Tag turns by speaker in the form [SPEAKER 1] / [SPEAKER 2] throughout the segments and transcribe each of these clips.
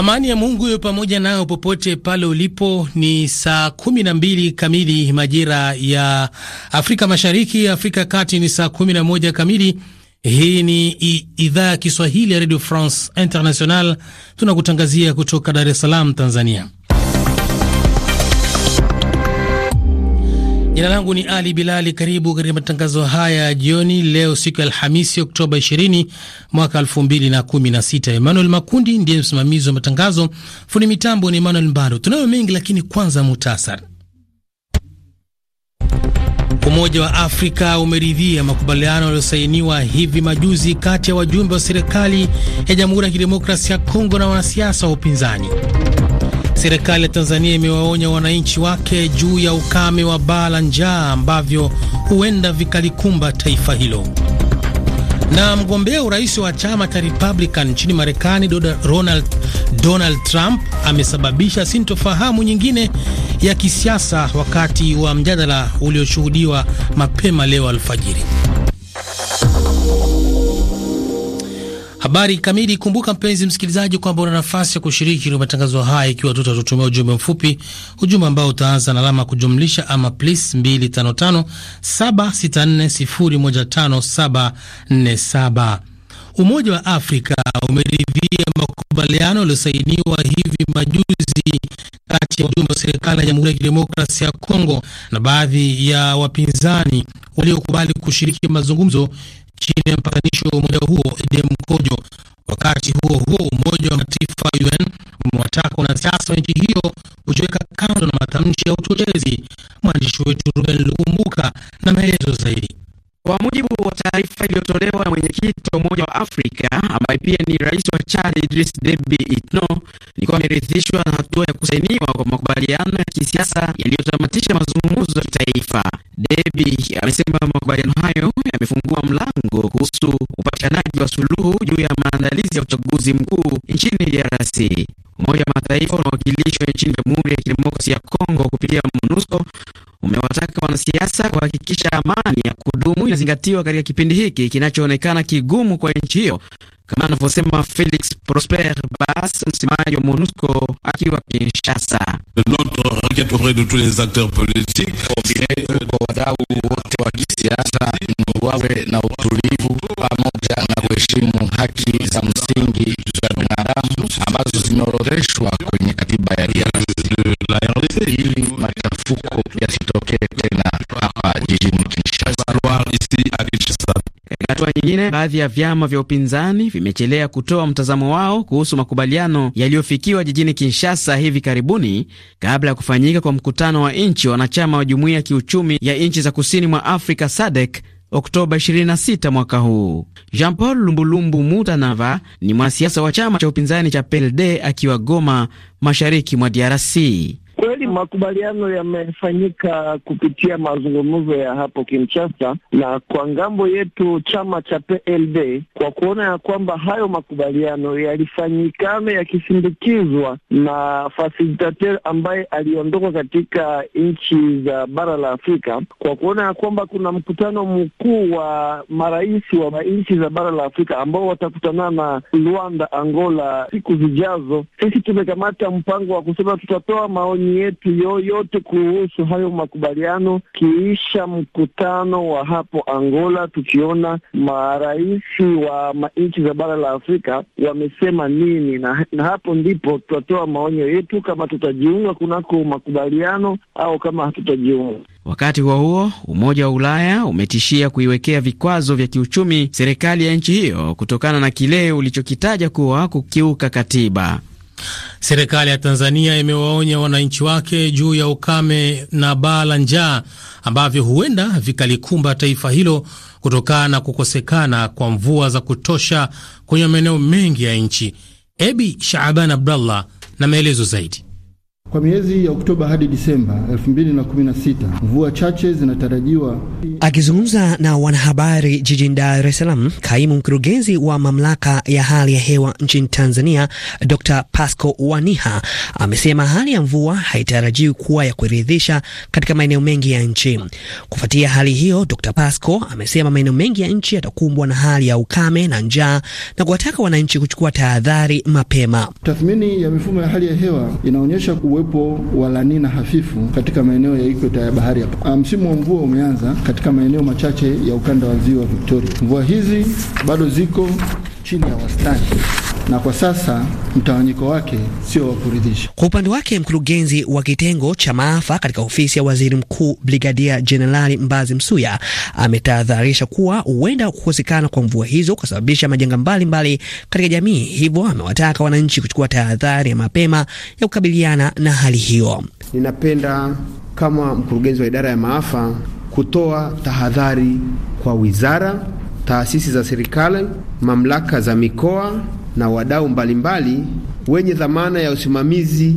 [SPEAKER 1] Amani ya Mungu iwe pamoja nayo popote pale ulipo. Ni saa kumi na mbili kamili majira ya Afrika Mashariki, Afrika Kati ni saa kumi na moja kamili. Hii ni idhaa ya Kiswahili ya Radio France International, tunakutangazia kutoka Dar es Salaam, Tanzania. Jina langu ni Ali Bilali. Karibu katika matangazo haya ya jioni leo, siku ya Alhamisi, Oktoba 20 mwaka 2016. Emmanuel Makundi ndiye msimamizi wa matangazo, fundi mitambo ni Emmanuel Mbando. Tunayo mengi, lakini kwanza muhtasari. Umoja wa Afrika umeridhia makubaliano yaliyosainiwa hivi majuzi kati ya wajumbe wa serikali ya Jamhuri ya Kidemokrasia ya Kongo na wanasiasa wa upinzani. Serikali ya Tanzania imewaonya wananchi wake juu ya ukame wa baa la njaa ambavyo huenda vikalikumba taifa hilo. Na mgombea urais wa chama cha Republican nchini Marekani Donald, Donald Trump amesababisha sintofahamu nyingine ya kisiasa wakati wa mjadala ulioshuhudiwa mapema leo alfajiri. Habari kamili. Kumbuka mpenzi msikilizaji, kwamba una nafasi ya kushiriki kwenye matangazo haya ikiwa tu utatutumia ujumbe mfupi, ujumbe ambao utaanza na alama kujumlisha ama plus 255 Umoja wa Afrika umeridhia makubaliano yaliyosainiwa hivi majuzi kati ya wajumbe wa serikali ya Jamhuri ya Kidemokrasia ya Kongo na baadhi ya wapinzani waliokubali kushiriki mazungumzo chini ya mpatanishi wa umoja huo Edem Kojo. Wakati huo huo, Umoja wa Mataifa UN umewataka wanasiasa wa nchi hiyo kujiweka kando na matamshi ya uchochezi. Mwandishi wetu
[SPEAKER 2] Ruben Lukumbuka na maelezo zaidi. Kwa mujibu wa taarifa iliyotolewa na mwenyekiti wa Umoja wa Afrika ambaye pia ni rais wa Chad, Idris Deby Itno, alikuwa ameridhishwa na hatua ya kusainiwa kwa makubaliano ya kisiasa yaliyotamatisha mazungumzo ya kitaifa. Deby amesema makubaliano hayo yamefungua mlango kuhusu upatikanaji wa suluhu juu ya maandalizi ya uchaguzi mkuu nchini DRC. Umoja wa Mataifa unawakilishwa nchini Jamhuri ya Kidemokrasia ya Kongo kupitia MONUSCO umewataka wanasiasa kuhakikisha amani ya kudumu inazingatiwa katika kipindi hiki kinachoonekana kigumu kwa nchi hiyo, kama anavyosema Felix Prosper Bas, msemaji wa MONUSCO akiwa Kinshasa.
[SPEAKER 3] wadau wote wa kisiasa wawe na utulivu pamoja na kuheshimu haki za msingi za binadamu ambazo zimeorodheshwa kwenye katiba ya DRC la RDC. Hili machafuko yasitokee tena
[SPEAKER 4] hapa jijini Kinshasa.
[SPEAKER 2] hatua nyingine, baadhi ya vyama vya upinzani vimechelea kutoa mtazamo wao kuhusu makubaliano yaliyofikiwa jijini Kinshasa hivi karibuni kabla ya kufanyika kwa mkutano wa nchi wanachama wa jumuiya ya kiuchumi ya nchi za kusini mwa Afrika SADC Oktoba 26 mwaka huu. Jean Paul Lumbulumbu Mutanava ni mwanasiasa wa chama cha upinzani cha PLD akiwa Goma, mashariki mwa DRC.
[SPEAKER 5] Kweli makubaliano yamefanyika kupitia mazungumzo ya hapo Kinshasa, na kwa ngambo yetu chama cha PLD kwa kuona ya kwamba hayo makubaliano yalifanyikana yakisindikizwa na fasilitater ambaye aliondoka katika nchi za bara la Afrika, kwa kuona ya kwamba kuna mkutano mkuu wa marais wa nchi za bara la Afrika ambao watakutana na Luanda, Angola siku zijazo. Sisi tumekamata mpango wa kusema tutatoa maoni maoni yetu yoyote kuhusu hayo makubaliano kiisha mkutano wa hapo Angola, tukiona marais wa nchi za bara la Afrika wamesema nini, na, na hapo ndipo tutatoa maonyo yetu kama tutajiunga kunako makubaliano au kama hatutajiunga.
[SPEAKER 2] Wakati huo huo, Umoja wa Ulaya umetishia kuiwekea vikwazo vya kiuchumi serikali ya nchi hiyo kutokana na kile ulichokitaja kuwa kukiuka katiba. Serikali
[SPEAKER 1] ya Tanzania imewaonya wananchi wake juu ya ukame na baa la njaa ambavyo huenda vikalikumba taifa hilo kutokana na kukosekana kwa mvua za kutosha kwenye maeneo mengi ya nchi. Ebi Shaaban Abdallah na
[SPEAKER 6] maelezo zaidi. Kwa miezi ya Oktoba hadi Disemba 2016 mvua chache zinatarajiwa.
[SPEAKER 7] Akizungumza na wanahabari jijini Dar es Salaam, kaimu mkurugenzi wa mamlaka ya hali ya hewa nchini Tanzania Dr. Pasco Waniha amesema hali ya mvua haitarajiwi kuwa ya kuridhisha katika maeneo mengi ya nchi. Kufuatia hali hiyo, Dr. Pasco amesema maeneo mengi ya nchi yatakumbwa na hali ya ukame na njaa na kuwataka wananchi kuchukua tahadhari mapema. Tathmini ya mifumo ya hali ya
[SPEAKER 6] hewa inaonyesha kuwe uwepo wa lanina hafifu katika maeneo ya ikweta ya bahari ah, Msimu wa mvua umeanza katika maeneo machache ya ukanda wa ziwa Victoria. Mvua hizi bado ziko chini ya wastani na kwa sasa mtawanyiko wake sio wa kuridhisha.
[SPEAKER 7] Kwa upande wake, mkurugenzi wa kitengo cha maafa katika ofisi ya waziri mkuu Brigadia Jenerali Mbazi Msuya ametahadharisha kuwa huenda kukosekana kwa mvua hizo kusababisha majanga mbalimbali katika jamii, hivyo amewataka wananchi kuchukua tahadhari ya mapema ya kukabiliana na hali hiyo.
[SPEAKER 4] Ninapenda kama mkurugenzi wa idara ya maafa kutoa tahadhari kwa wizara taasisi za serikali, mamlaka za mikoa na wadau mbalimbali wenye dhamana ya usimamizi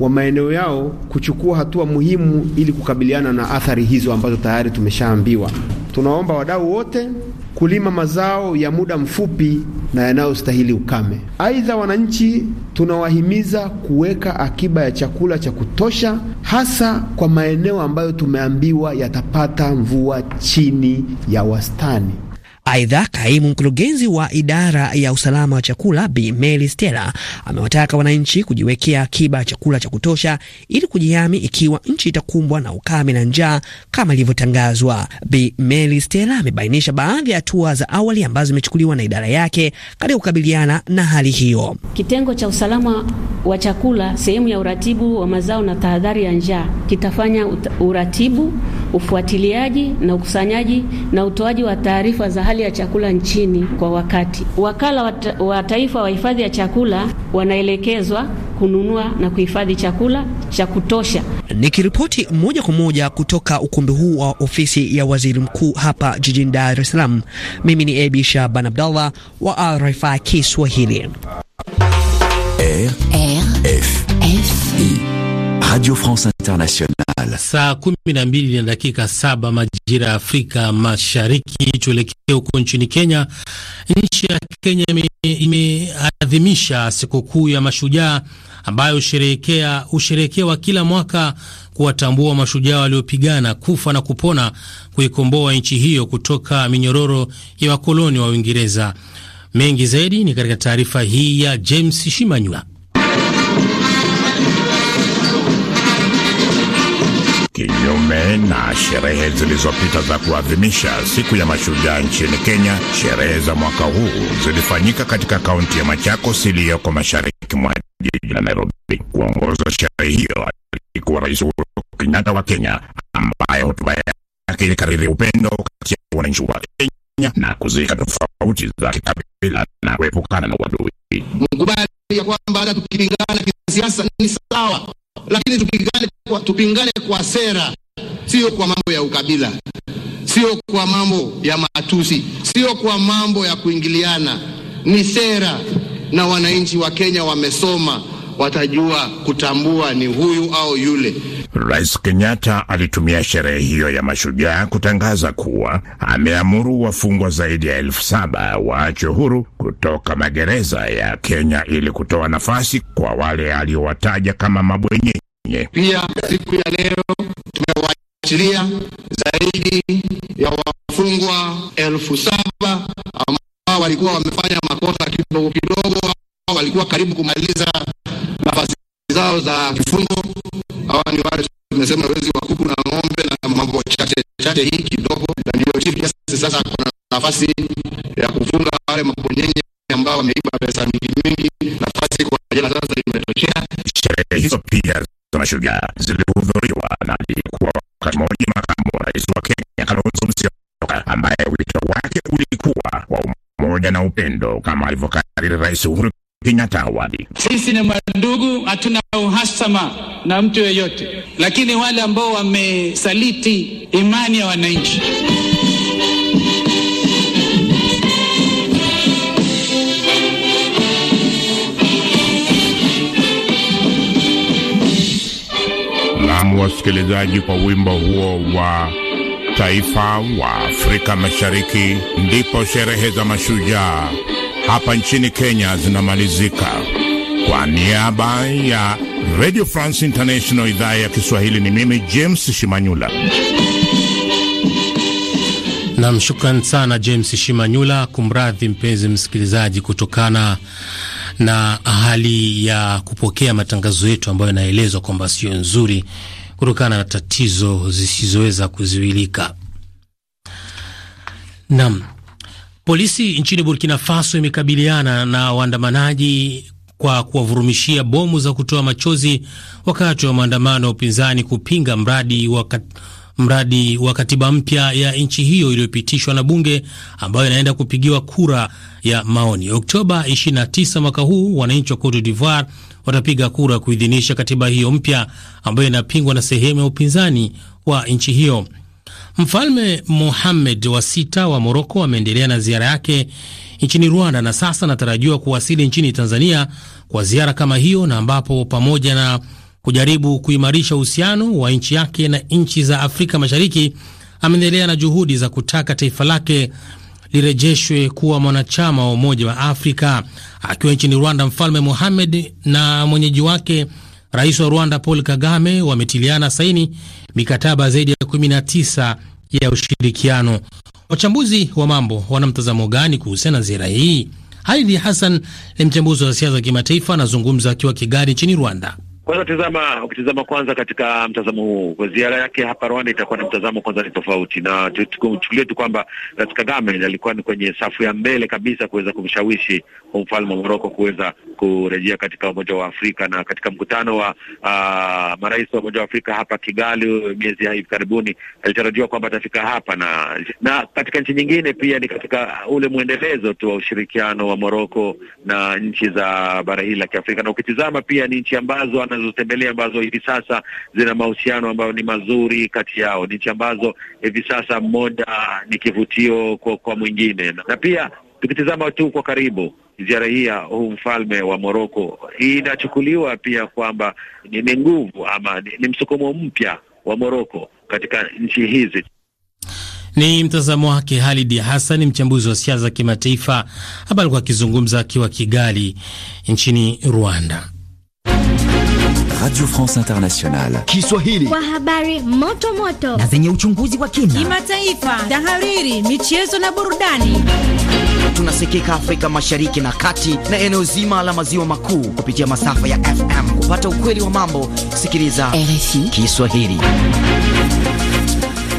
[SPEAKER 4] wa maeneo yao kuchukua hatua muhimu ili kukabiliana na athari hizo ambazo tayari tumeshaambiwa. Tunaomba wadau wote kulima mazao ya muda mfupi na yanayostahili ukame. Aidha, wananchi tunawahimiza kuweka akiba ya chakula cha kutosha, hasa kwa maeneo ambayo tumeambiwa
[SPEAKER 7] yatapata mvua chini ya wastani. Aidha, kaimu mkurugenzi wa idara ya usalama wa chakula Bi Mary Stella amewataka wananchi kujiwekea akiba ya chakula cha kutosha ili kujihami ikiwa nchi itakumbwa na ukame na njaa kama ilivyotangazwa. Bi Mary Stella amebainisha baadhi ya hatua za awali ambazo zimechukuliwa na idara yake katika kukabiliana na hali hiyo.
[SPEAKER 8] Kitengo cha usalama wa chakula sehemu ya uratibu wa mazao na tahadhari ya njaa kitafanya uratibu, ufuatiliaji na ukusanyaji na utoaji wa taarifa za hali ya chakula nchini kwa wakati. Wakala wa Taifa wa Hifadhi ya Chakula wanaelekezwa kununua na kuhifadhi chakula cha kutosha.
[SPEAKER 7] Nikiripoti moja kwa moja kutoka ukumbi huu wa ofisi ya waziri mkuu hapa jijini Dar es Salaam, mimi ni Abi Shaban Abdallah wa RFI Kiswahili.
[SPEAKER 2] RFI Radio France Internationale.
[SPEAKER 1] Saa kumi na mbili na dakika saba majira ya Afrika Mashariki. Tuelekee huko nchini Kenya. Nchi ya Kenya imeadhimisha sikukuu ya mashujaa ambayo husherehekewa kila mwaka kuwatambua mashujaa waliopigana kufa na kupona kuikomboa nchi hiyo kutoka minyororo ya wakoloni wa Uingereza. Mengi zaidi ni katika taarifa hii ya James Shimanyula.
[SPEAKER 9] kinyume na sherehe zilizopita za kuadhimisha siku ya mashujaa nchini Kenya, sherehe za mwaka huu zilifanyika katika kaunti ya Machakos iliyoko mashariki mwa jiji la Nairobi. Kuongoza sherehe hiyo alikuwa Rais Uhuru Kenyatta wa Kenya, ambaye hotuba yake ilikariri upendo kati ya wananchi wa Kenya na kuzika tofauti za kikabila na kuepukana na uadui.
[SPEAKER 4] Mkubali ya kwamba hata tukipingana kisiasa ni sawa lakini tupingane kwa, tupingane kwa sera, sio kwa mambo ya ukabila, sio kwa mambo ya matusi, sio kwa mambo ya kuingiliana. Ni sera, na wananchi wa Kenya wamesoma watajua kutambua ni huyu au yule.
[SPEAKER 9] Rais Kenyatta alitumia sherehe hiyo ya mashujaa kutangaza kuwa ameamuru wafungwa zaidi ya elfu saba waachwe huru kutoka magereza ya Kenya ili kutoa nafasi kwa wale aliowataja kama mabwenyenye. Pia siku ya leo tumewaachilia
[SPEAKER 4] zaidi ya wafungwa elfu saba ambao walikuwa wamefanya makosa kidogo kidogo, walikuwa karibu kumaliza zao za vifungo. Hawa ni wale tumesema wezi wa kuku na ng'ombe na mambo chache chache, hii kidogo, na ndio chief justice sasa kuna nafasi ya kufunga wale mabonyenye ambao wameiba pesa mingi mingi. Nafasi kwa jela sasa imetokea.
[SPEAKER 9] Sherehe hizo pia za mashujaa zilihudhuriwa na aliyekuwa wakati mmoja makamu wa rais wa Kenya Kalonzo Musyoka, ambaye wito wake ulikuwa wa umoja na upendo kama alivyokariri Rais Uhuru vinatawali.
[SPEAKER 10] Sisi ni mandugu, hatuna uhasama na mtu yeyote, lakini wale ambao wamesaliti imani ya wananchi
[SPEAKER 9] Wasikilizaji, kwa wimbo huo wa taifa wa Afrika Mashariki, ndipo sherehe za mashujaa hapa nchini Kenya zinamalizika. Kwa niaba ya Radio France International idhaa ya Kiswahili, ni mimi James Shimanyula. Nam, shukran sana James Shimanyula. Kumradhi mpenzi
[SPEAKER 1] msikilizaji, kutokana na hali ya kupokea matangazo yetu ambayo yanaelezwa kwamba sio nzuri kutokana na tatizo zisizoweza kuzuilika. Nam, Polisi nchini Burkina Faso imekabiliana na waandamanaji kwa kuwavurumishia bomu za kutoa machozi wakati wa maandamano ya upinzani kupinga mradi wa mradi wa katiba mpya ya nchi hiyo iliyopitishwa na bunge ambayo inaenda kupigiwa kura ya maoni Oktoba 29 mwaka huu. Wananchi wa Cote d'Ivoire watapiga kura kuidhinisha katiba hiyo mpya ambayo inapingwa na sehemu ya upinzani wa nchi hiyo. Mfalme Mohammed wa sita wa Moroko ameendelea na ziara yake nchini Rwanda na sasa anatarajiwa kuwasili nchini Tanzania kwa ziara kama hiyo, na ambapo pamoja na kujaribu kuimarisha uhusiano wa nchi yake na nchi za Afrika Mashariki, ameendelea na juhudi za kutaka taifa lake lirejeshwe kuwa mwanachama wa Umoja wa Afrika. Akiwa nchini Rwanda, Mfalme mohamed na mwenyeji wake rais wa Rwanda Paul Kagame wametiliana saini mikataba zaidi ya 19 ya ushirikiano. Wachambuzi wa mambo wana mtazamo gani kuhusiana na ziara hii? Halidi Hassan ni mchambuzi wa siasa za kimataifa, anazungumza akiwa Kigali nchini Rwanda.
[SPEAKER 10] Kwanza ukitizama kwanza katika mtazamo huu, ziara yake hapa Rwanda itakuwa na mtazamo kwanza ni tofauti, na tuchukulie tu kwamba Rais Kagame alikuwa ni kwenye safu ya mbele kabisa kuweza kumshawishi mfalme wa Moroko kuweza kurejea katika Umoja wa Afrika na katika mkutano wa uh, marais wa Umoja wa Afrika hapa Kigali miezi hivi karibuni, alitarajiwa kwamba atafika hapa na na katika nchi nyingine pia. Ni katika ule mwendelezo tu wa ushirikiano wa Moroko na nchi za bara hili la Kiafrika, na ukitizama pia ni nchi ambazo anazotembelea ambazo hivi sasa zina mahusiano ambayo ni mazuri kati yao, ni nchi ambazo hivi sasa mmoja ni kivutio kwa, kwa mwingine na, na pia Tukitizama tu kwa karibu ziara hii ya huu mfalme wa Moroko inachukuliwa pia kwamba ni nguvu ama ni, ni msukumo mpya wa Moroko katika nchi hizi.
[SPEAKER 1] Ni mtazamo wake Halidi Hassan, mchambuzi wa siasa za kimataifa, ambaye alikuwa akizungumza akiwa Kigali nchini Rwanda.
[SPEAKER 11] Radio France Internationale Kiswahili,
[SPEAKER 8] kwa habari moto moto na
[SPEAKER 11] zenye uchunguzi wa
[SPEAKER 8] kina, kimataifa, tahariri, michezo na burudani.
[SPEAKER 2] Tunasikika Afrika Mashariki na Kati na eneo zima la maziwa makuu kupitia masafa ya FM. Kupata ukweli wa mambo, sikiliza RFI Kiswahili.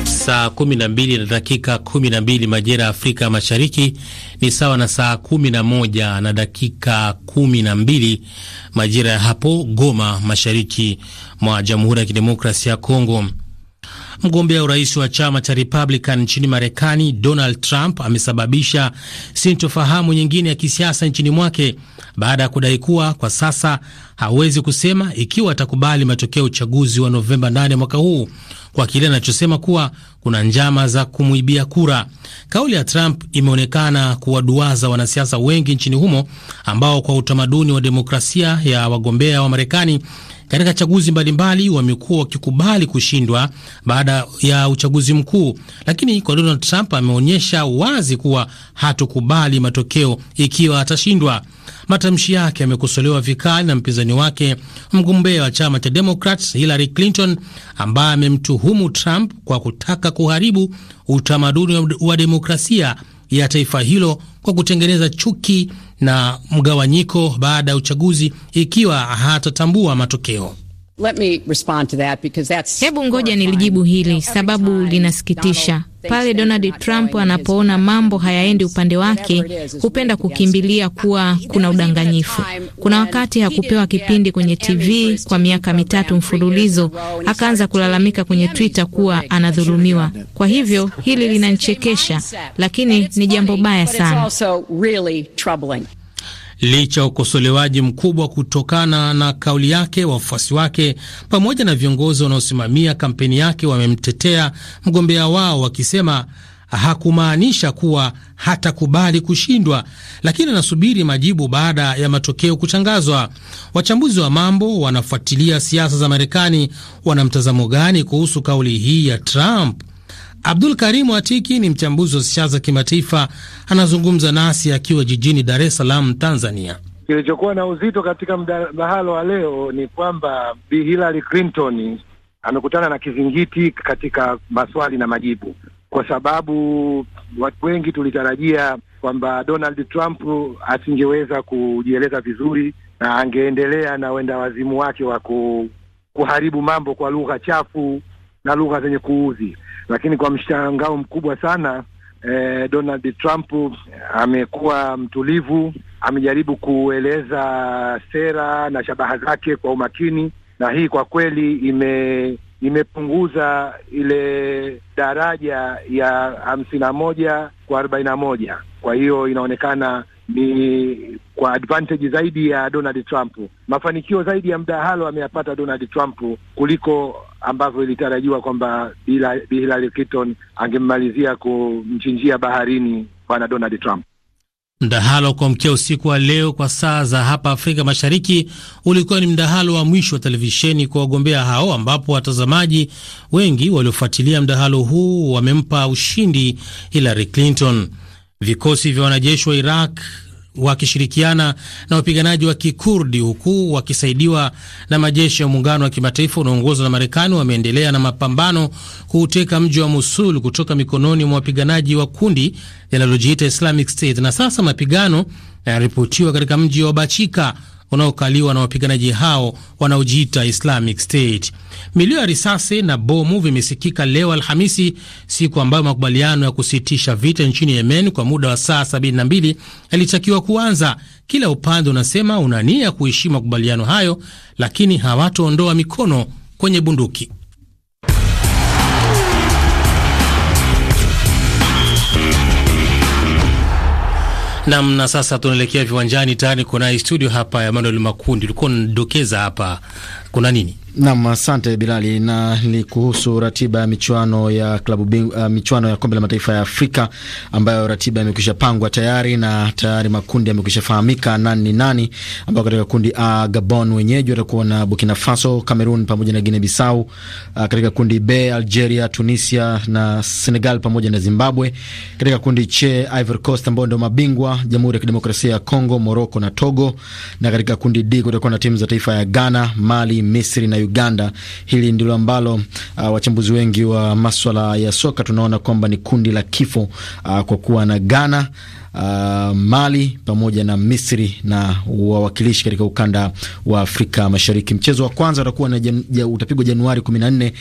[SPEAKER 2] Saa
[SPEAKER 1] 12 na dakika 12 majira ya Afrika Mashariki ni sawa na saa 11 na dakika 12 majira ya hapo Goma, mashariki mwa Jamhuri ya Kidemokrasia ya Kongo. Mgombea urais wa chama cha Republican nchini Marekani, Donald Trump amesababisha sintofahamu nyingine ya kisiasa nchini mwake baada ya kudai kuwa kwa sasa hawezi kusema ikiwa atakubali matokeo ya uchaguzi wa Novemba 8 mwaka huu kwa kile anachosema kuwa kuna njama za kumwibia kura. Kauli ya Trump imeonekana kuwaduaza wanasiasa wengi nchini humo ambao kwa utamaduni wa demokrasia ya wagombea wa Marekani katika chaguzi mbalimbali wamekuwa wakikubali kushindwa baada ya uchaguzi mkuu, lakini kwa Donald Trump ameonyesha wazi kuwa hatukubali matokeo ikiwa atashindwa. Matamshi yake yamekosolewa vikali na mpinzani wake mgombea wa chama cha Democrats Hillary Clinton, ambaye amemtuhumu Trump kwa kutaka kuharibu utamaduni wa demokrasia ya taifa hilo kwa kutengeneza chuki na mgawanyiko baada ya uchaguzi ikiwa hatatambua matokeo.
[SPEAKER 8] Hebu ngoja nilijibu hili, sababu linasikitisha. Pale Donald Trump anapoona mambo hayaendi upande wake, hupenda kukimbilia kuwa kuna udanganyifu. Kuna wakati hakupewa kipindi kwenye TV kwa miaka mitatu mfululizo, akaanza kulalamika kwenye Twitter kuwa anadhulumiwa. Kwa hivyo hili linanichekesha, lakini ni jambo baya sana.
[SPEAKER 1] Licha ya ukosolewaji mkubwa kutokana na kauli yake, wafuasi wake pamoja na viongozi wanaosimamia kampeni yake wamemtetea mgombea wao wakisema hakumaanisha kuwa hatakubali kushindwa, lakini anasubiri majibu baada ya matokeo kutangazwa. Wachambuzi wa mambo wanafuatilia siasa za Marekani wana mtazamo gani kuhusu kauli hii ya Trump? Abdul Karimu Atiki ni mchambuzi wa siasa kimataifa, anazungumza nasi akiwa jijini Dar es Salaam, Tanzania.
[SPEAKER 5] Kilichokuwa na uzito katika mdahalo wa leo ni kwamba Bi Hillary Clinton amekutana na kizingiti katika maswali na majibu, kwa sababu watu wengi tulitarajia kwamba Donald Trump asingeweza kujieleza vizuri na angeendelea na uenda wazimu wake wa kuharibu mambo kwa lugha chafu na lugha zenye kuudhi. Lakini kwa mshangao mkubwa sana eh, Donald Trump eh, amekuwa mtulivu, amejaribu kueleza sera na shabaha zake kwa umakini, na hii kwa kweli ime imepunguza ile daraja ya hamsini na moja kwa arobaini na moja. Kwa hiyo inaonekana ni kwa advantage zaidi ya Donald Trump. Mafanikio zaidi ya mdahalo ameyapata Donald Trump kuliko ambavyo ilitarajiwa kwamba Bi Hillary Clinton angemmalizia kumchinjia baharini bwana Donald Trump.
[SPEAKER 1] Mdahalo kwa mkia usiku wa leo kwa saa za hapa Afrika Mashariki ulikuwa ni mdahalo wa mwisho wa televisheni kwa wagombea hao, ambapo watazamaji wengi waliofuatilia mdahalo huu wamempa ushindi Hillary Clinton. Vikosi vya wanajeshi wa Iraq wakishirikiana na wapiganaji wa Kikurdi huku wakisaidiwa na majeshi ya muungano wa kimataifa unaoongozwa na Marekani wameendelea na mapambano kuuteka mji wa Mosul kutoka mikononi mwa wapiganaji wa kundi linalojiita Islamic State, na sasa mapigano yanaripotiwa katika mji wa Bachika unaokaliwa na wapiganaji hao wanaojiita Islamic State. Milio ya risasi na bomu vimesikika leo Alhamisi, siku ambayo makubaliano ya kusitisha vita nchini Yemen kwa muda wa saa 72 yalitakiwa kuanza. Kila upande unasema una nia kuheshimu makubaliano hayo, lakini hawatoondoa mikono kwenye bunduki. Nam, na sasa tunaelekea viwanjani tayari. kunaye studio hapa ya Emmanuel Makundi, ulikuwa unadokeza hapa
[SPEAKER 3] kuna nini? Nam, asante Bilali. Na ni kuhusu ratiba ya michuano ya klabu bing, uh, michuano ya kombe la mataifa ya Afrika ambayo ratiba imekwisha pangwa tayari na tayari makundi yamekwisha fahamika nani ni nani, ambao katika kundi A uh, Gabon wenyeji watakuwa na Burkina Faso, Cameroon pamoja na Guine Bissau. Uh, katika kundi B Algeria, Tunisia na Senegal pamoja na Zimbabwe. Katika kundi C Ivory Coast ambao ndio mabingwa, Jamhuri ya Kidemokrasia ya Congo, Moroko na Togo. Na katika kundi D kutakuwa na timu za taifa ya Ghana, Mali, Misri na Uganda. Hili ndilo ambalo uh, wachambuzi wengi wa maswala ya soka tunaona kwamba ni kundi la kifo uh, kwa kuwa na Ghana uh, Mali pamoja na Misri na wawakilishi katika ukanda wa Afrika Mashariki. Mchezo wa kwanza utakuwa na jan, utapigwa Januari 14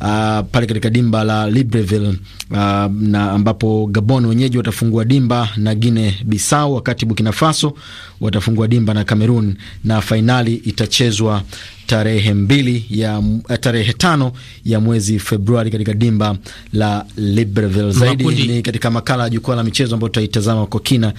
[SPEAKER 3] uh, pale katika dimba la Libreville uh, na ambapo Gabon wenyeji watafungua dimba na Guinea Bissau, wakati Burkina Faso watafungua dimba na Cameroon, na fainali itachezwa tarehe mbili ya eh, tarehe tano ya mwezi Februari katika dimba la Libreville. Zaidi ni katika makala ya jukwaa la michezo ambayo tutaitazama kwa kina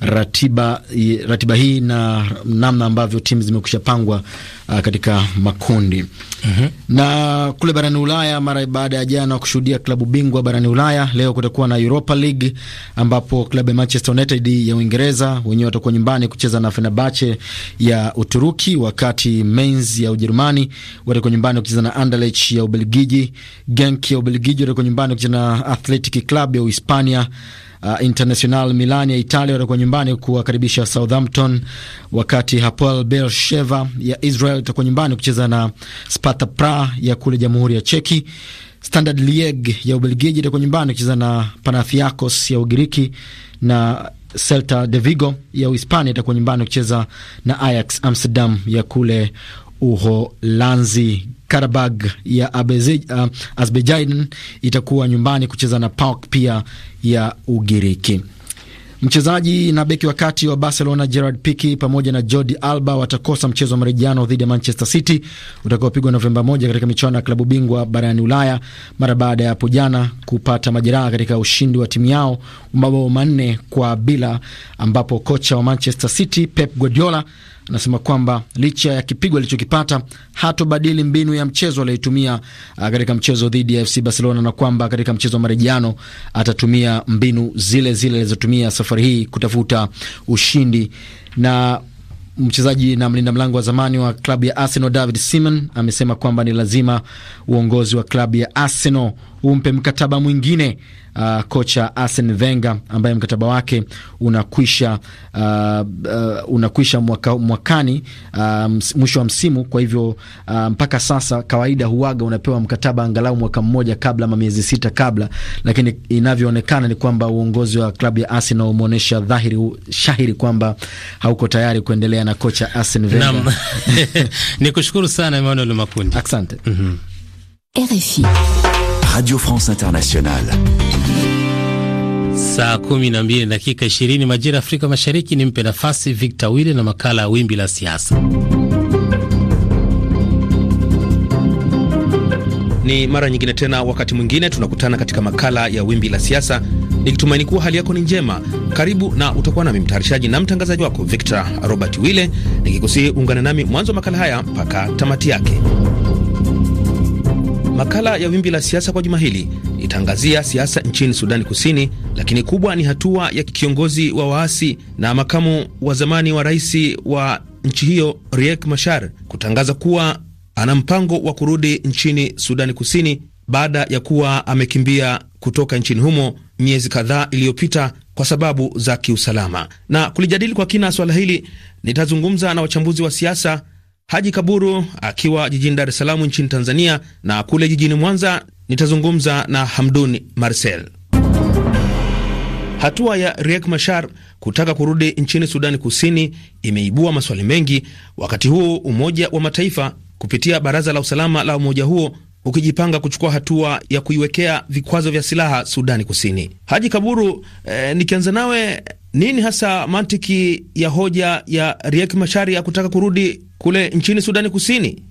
[SPEAKER 3] ratiba, ratiba hii na namna ambavyo timu zimekwisha pangwa uh, katika makundi mm -hmm. Na kule barani Ulaya, mara baada ya jana kushuhudia klabu bingwa barani Ulaya, leo kutakuwa na Europa League ambapo klabu ya Manchester United ya Uingereza wenyewe watakuwa nyumbani kucheza na Fenerbahce ya Uturuki, wakati Mainz ya Ujerumani watakuwa nyumbani kucheza na Anderlecht ya Ubelgiji. Genk ya Ubelgiji watakuwa nyumbani kucheza na Athletic Club ya Uhispania uh, International Milan ya Italia watakuwa nyumbani kuwakaribisha Southampton, wakati Hapoel Beersheva ya Israel itakuwa nyumbani kucheza na Sparta Praha ya kule Jamhuri ya Cheki. Standard Liege ya Ubelgiji itakuwa nyumbani kucheza na Panathinaikos ya Ugiriki na Celta de Vigo ya Uhispania itakuwa nyumbani kucheza na Ajax Amsterdam ya kule Uholanzi. Karabag ya uh, Azerbaijan itakuwa nyumbani kucheza na PAOK pia ya Ugiriki. Mchezaji na beki wa kati wa Barcelona Gerard Pique pamoja na Jordi Alba watakosa mchezo wa marejiano dhidi ya Manchester City utakaopigwa Novemba moja katika michuano ya klabu bingwa barani Ulaya mara baada ya hapo jana kupata majeraha katika ushindi wa timu yao mabao manne kwa bila, ambapo kocha wa Manchester City Pep Guardiola anasema kwamba licha ya kipigo alichokipata hatobadili mbinu ya mchezo aliyoitumia uh, katika mchezo dhidi ya FC Barcelona, na kwamba katika mchezo wa marejiano atatumia mbinu zile zile alizotumia safari hii kutafuta ushindi na mchezaji na mlinda mlango wa zamani wa klabu ya Arsenal David Simon amesema kwamba ni lazima uongozi wa klabu ya Arsenal umpe mkataba mwingine uh, kocha Arsene Wenger ambaye mkataba wake unakwisha, uh, uh, unakwisha mwaka, mwakani uh, mwisho wa msimu. Kwa hivyo uh, mpaka sasa kawaida huwaga unapewa mkataba angalau mwaka mmoja kabla ama miezi sita kabla, lakini inavyoonekana ni kwamba uongozi wa klabu ya Arsenal umeonyesha dhahiri shahiri kwamba hauko tayari kuendelea na kocha Arsene Wenger.
[SPEAKER 1] kushukuru sana Emmanuel Makundi, asante. mm -hmm. RFI Radio France Internationale. Saa kumi na mbili dakika ishirini majira Afrika Mashariki. Ni mpe nafasi Victor Wille na makala ya wimbi la siasa.
[SPEAKER 12] Ni mara nyingine tena, wakati mwingine tunakutana katika makala ya wimbi la siasa, nikitumaini kuwa hali yako ni njema. Karibu na utakuwa nami mtayarishaji na mtangazaji wako Victor Robert Wille, nikikusihi ungane nami mwanzo wa makala haya mpaka tamati yake. Makala ya Wimbi la Siasa kwa juma hili itaangazia siasa nchini Sudani Kusini, lakini kubwa ni hatua ya kiongozi wa waasi na makamu wa zamani wa rais wa nchi hiyo Riek Machar kutangaza kuwa ana mpango wa kurudi nchini Sudani Kusini baada ya kuwa amekimbia kutoka nchini humo miezi kadhaa iliyopita kwa sababu za kiusalama. Na kulijadili kwa kina swala hili, nitazungumza na wachambuzi wa siasa Haji Kaburu akiwa jijini Dar es Salaam nchini Tanzania, na kule jijini Mwanza nitazungumza na hamdun Marcel. Hatua ya Riek Machar kutaka kurudi nchini Sudani Kusini imeibua maswali mengi, wakati huu Umoja wa Mataifa kupitia Baraza la Usalama la umoja huo ukijipanga kuchukua hatua ya kuiwekea vikwazo vya silaha Sudani Kusini. Haji Kaburu, eh, nikianza nawe, nini hasa mantiki ya hoja ya Riek Machar ya kutaka kurudi kule nchini Sudani Kusini?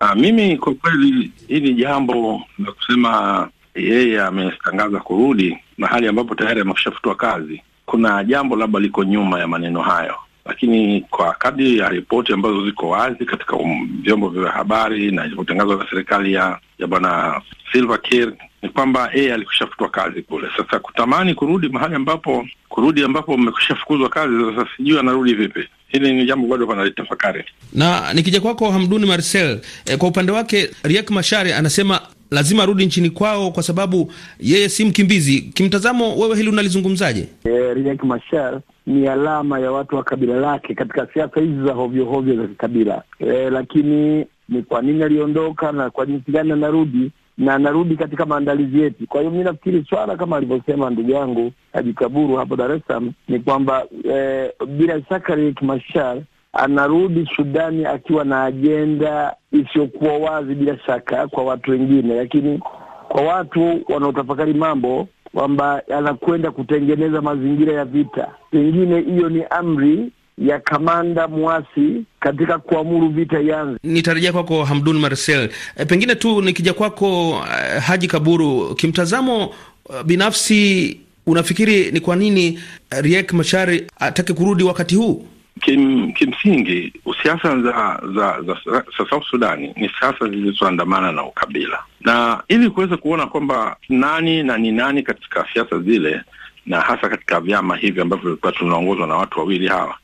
[SPEAKER 13] Aa, ah, mimi kwa kweli hili jambo la kusema yeye ametangaza kurudi na hali ambapo tayari ameshafutwa kazi, kuna jambo labda liko nyuma ya maneno hayo, lakini kwa kadri ya ripoti ambazo ziko wazi katika um, vyombo vya habari na ilivyotangazwa na serikali ya ya bwana Salva Kiir ni kwamba yeye alikushafutwa kazi kule. Sasa kutamani kurudi mahali ambapo kurudi ambapo mmekushafukuzwa kazi, sasa sijui anarudi vipi. Hili ni jambo bado panalitafakari.
[SPEAKER 12] Na nikija kwako Hamduni Marcel, e, kwa upande wake Riek Mashare anasema lazima arudi nchini kwao kwa sababu yeye si mkimbizi. Kimtazamo wewe hili unalizungumzaje?
[SPEAKER 5] E, Riek Mashar ni alama ya watu wa kabila lake katika siasa hizi za hovyohovyo za kikabila. E, lakini ni kwa nini aliondoka na kwa jinsi gani anarudi na narudi katika maandalizi yetu. Kwa hiyo mi nafikiri swala kama alivyosema ndugu yangu Haji Kaburu hapo Dar es Salaam ni kwamba eh, bila shaka Riek Machar anarudi Sudani akiwa na ajenda isiyokuwa wazi bila shaka kwa watu wengine, lakini kwa watu wanaotafakari mambo kwamba anakwenda kutengeneza mazingira ya vita. Pengine hiyo ni amri ya kamanda mwasi katika kuamuru vita ianze.
[SPEAKER 12] Nitarejea kwako Hamdun Marcel. E, pengine tu nikija kwako eh, Haji Kaburu, kimtazamo eh, binafsi unafikiri ni kwa nini Riek Machar atake kurudi wakati huu?
[SPEAKER 13] Kim, kimsingi siasa za, za, za, za South Sudani ni siasa zilizoandamana na ukabila, na ili kuweza kuona kwamba nani na ni nani katika siasa zile na hasa katika vyama hivi ambavyo vilikuwa tunaongozwa na watu wawili hawa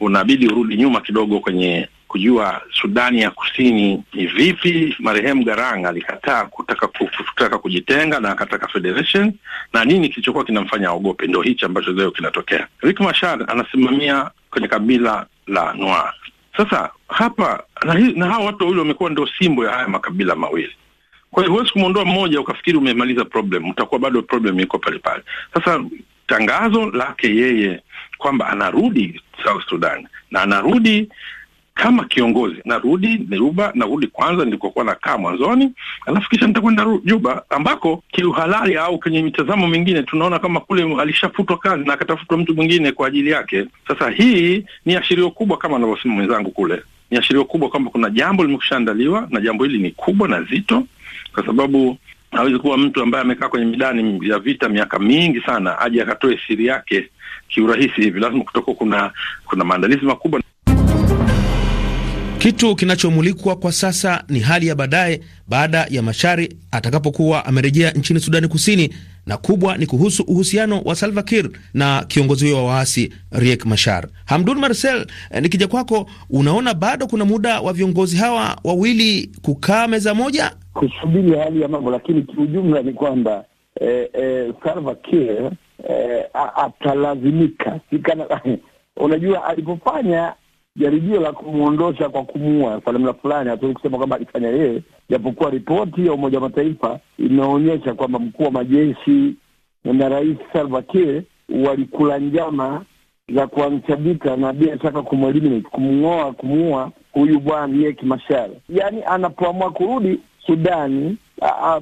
[SPEAKER 13] unabidi urudi nyuma kidogo kwenye kujua Sudani ya Kusini ni vipi. Marehemu Garang alikataa kutaka, kutaka kujitenga na akataka federation na nini kilichokuwa kinamfanya aogope, ndo hichi ambacho leo kinatokea. Rik Machar anasimamia kwenye kabila la Nuer. Sasa hapa na, na hawa watu wawili wamekuwa ndo simbo ya haya makabila mawili. Kwa hiyo huwezi kumwondoa mmoja ukafikiri umemaliza problem, utakuwa bado problem iko pale pale. Sasa tangazo lake yeye kwamba anarudi South Sudan na anarudi kama kiongozi, narudi Juba, narudi kwanza nilikokuwa nakaa mwanzoni, alafu kisha nitakwenda Juba ambako kiuhalali au kwenye mitazamo mingine tunaona kama kule alishafutwa kazi na akatafutwa mtu mwingine kwa ajili yake. Sasa hii ni ashirio kubwa, kama anavyosema mwenzangu kule, ni ashirio kubwa kwamba kuna jambo limekusha andaliwa, na jambo hili ni kubwa na zito, kwa sababu hawezi kuwa mtu ambaye amekaa kwenye midani ya vita miaka mingi sana aje akatoe siri yake kiurahisi hivi, lazima kutakuwa kuna, kuna maandalizi makubwa.
[SPEAKER 12] Kitu kinachomulikwa kwa sasa ni hali ya baadaye baada ya Mashari atakapokuwa amerejea nchini Sudani Kusini, na kubwa ni kuhusu uhusiano wa Salva Kiir na kiongozi huyo wa waasi Riek Mashar. Hamdun Marcel, eh, nikija kwako, unaona bado kuna muda wa viongozi hawa wawili
[SPEAKER 5] kukaa meza moja kusubiri hali ya mambo, lakini kiujumla ni kwamba eh, eh, Salva Kiir eh, atalazimika sikana. Unajua, alipofanya jaribio la kumwondosha kwa kumuua kwa namna fulani, hatuwezi kusema kwamba alifanya yeye, japokuwa ripoti ya Umoja wa Mataifa imeonyesha kwamba mkuu wa majeshi na Rais Salva Kiir walikula njama za vita na bila shaka kumeliminate, kumng'oa, kumuua huyu bwana Riek Machar. yani anapoamua kurudi Sudani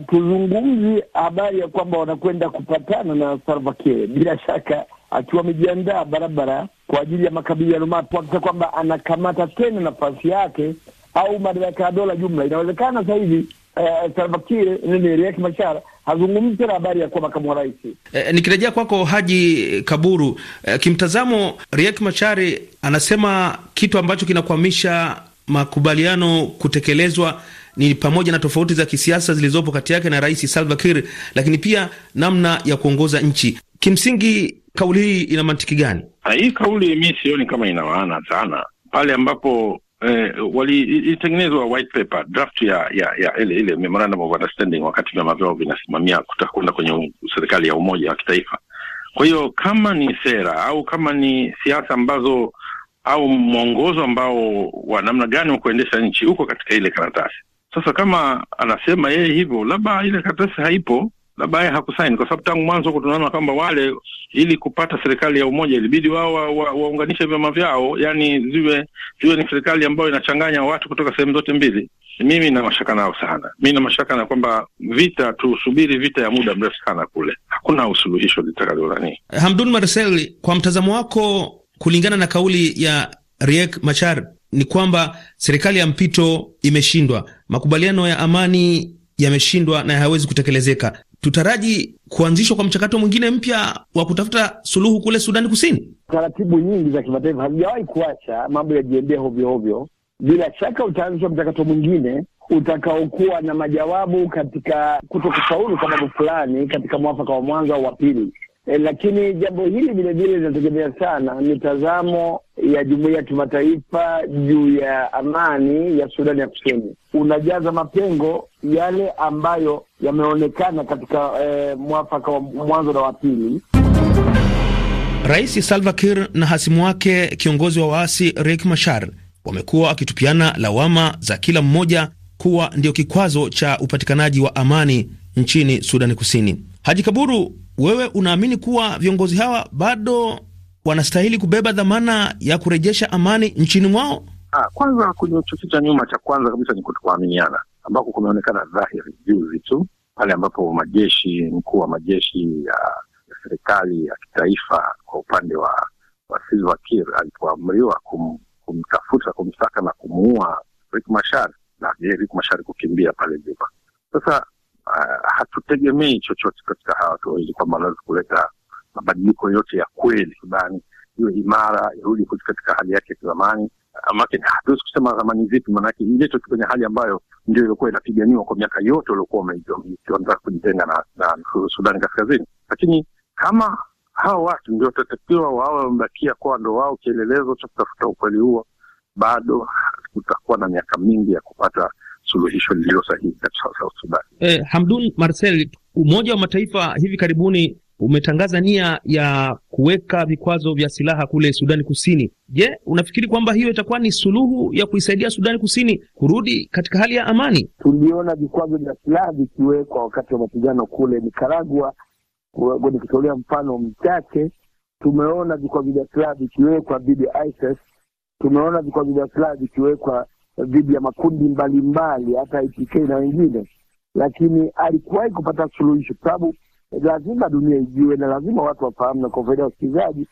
[SPEAKER 5] kuzungumzi habari ya kwamba wanakwenda kupatana na Salva Kiir, bila shaka akiwa amejiandaa barabara kwa ajili ya makabiliano mapya, kuhakikisha kwamba anakamata tena nafasi yake au madaraka ya dola jumla. Inawezekana sasa hivi Uh, Salva Kiir nini Riek Machar hazungumzi tena habari ya kuwa makamu wa rais.
[SPEAKER 12] E, nikirejea kwako Haji Kaburu, e, kimtazamo Riek Machari anasema kitu ambacho kinakwamisha makubaliano kutekelezwa ni pamoja na tofauti za kisiasa zilizopo kati yake na Rais Salva Kiir, lakini pia namna ya kuongoza nchi. Kimsingi, kauli hii ina mantiki gani?
[SPEAKER 13] Hii kauli mi sioni kama ina maana sana pale ambapo eh, walitengenezwa white paper draft ya ya, ya ile, ile memorandum of understanding wakati vyama vyao vinasimamia kutakwenda kwenye serikali ya umoja wa kitaifa. Kwa hiyo kama ni sera au kama ni siasa ambazo au mwongozo ambao wa namna gani wa kuendesha nchi uko katika ile karatasi, sasa kama anasema yeye hivyo, labda ile karatasi haipo, labda yeye hakusaini, kwa sababu tangu mwanzo huko tunaona kwamba wale, ili kupata serikali ya umoja ilibidi wao waunganishe wa, wa vyama vyao, yani ziwe ziwe ni serikali ambayo inachanganya watu kutoka sehemu zote mbili. Mimi na mashaka nao sana. Mi na mashaka na kwamba vita, tusubiri vita ya muda mrefu sana kule, hakuna usuluhisho litakalolani.
[SPEAKER 12] Hamdun Marcel, kwa mtazamo wako, kulingana na kauli ya Riek Machar ni kwamba serikali ya mpito imeshindwa, makubaliano ya amani yameshindwa na hayawezi kutekelezeka. Tutaraji kuanzishwa kwa mchakato mwingine mpya wa kutafuta
[SPEAKER 5] suluhu kule Sudani Kusini. Taratibu nyingi za kimataifa hazijawahi kuacha mambo yajiendea hovyohovyo. Bila shaka utaanzishwa mchakato mwingine utakaokuwa na majawabu katika kutokufaulu kwa mambo fulani katika mwafaka wa mwanzo au wa pili. E, lakini jambo hili vilevile linategemea sana mitazamo ya jumuiya ya kimataifa juu ya amani ya Sudani ya Kusini. Unajaza mapengo yale ambayo yameonekana katika e, mwafaka wa mwanzo na wa pili.
[SPEAKER 12] Rais Salva Kiir na hasimu wake kiongozi wa waasi Riek Machar wamekuwa wakitupiana lawama za kila mmoja kuwa ndio kikwazo cha upatikanaji wa amani nchini Sudani Kusini. Haji Kaburu, wewe unaamini kuwa viongozi hawa bado wanastahili kubeba dhamana ya kurejesha amani nchini mwao?
[SPEAKER 14] Ah, kwanza kwenye chocheo cha nyuma cha kwanza kabisa ni kutokuaminiana ambako kumeonekana dhahiri juzi tu pale ambapo majeshi mkuu wa majeshi ya, ya serikali ya kitaifa kwa upande wa, wa Salva Kiir alipoamriwa kum, kumtafuta kumsaka na kumuua Riek Machar na Riek Machar kukimbia pale Juba. Sasa uh, hatutegemei chochote katika hawa watu wawili kwamba wanaweza kuleta mabadiliko yote ya kweli Sudani iwe imara irudi katika hali yake ya zamani. Ah, Maake hatuwezi kusema zamani zipi, maanake iletwe kwenye hali ambayo ndio iliokuwa inapiganiwa kwa miaka yote waliokuwa wanataka kujitenga na, na Sudani Kaskazini. Lakini kama hawa watu ndio watatakiwa wawe wamebakia kwa ndo wao kielelezo cha kutafuta ukweli huo, bado kutakuwa na miaka mingi ya kupata suluhisho lililo sahihi katika South Sudan.
[SPEAKER 12] Eh, Hamdun Marcel, Umoja wa Mataifa hivi karibuni umetangaza nia ya kuweka vikwazo vya silaha kule Sudani Kusini. Je, unafikiri kwamba hiyo itakuwa ni suluhu ya kuisaidia Sudani Kusini kurudi katika hali ya amani?
[SPEAKER 5] Tuliona vikwazo vya silaha vikiwekwa wakati wa mapigano kule Nikaragua. Nikitolea mfano mchache, tumeona vikwazo vya silaha vikiwekwa dhidi ya ISIS, tumeona vikwazo vya silaha vikiwekwa dhidi ya makundi mbalimbali hata IPK na wengine, lakini alikuwahi kupata suluhisho, kwa sababu lazima dunia ijue na lazima watu wafahamu na kwa faida ya wasikilizaji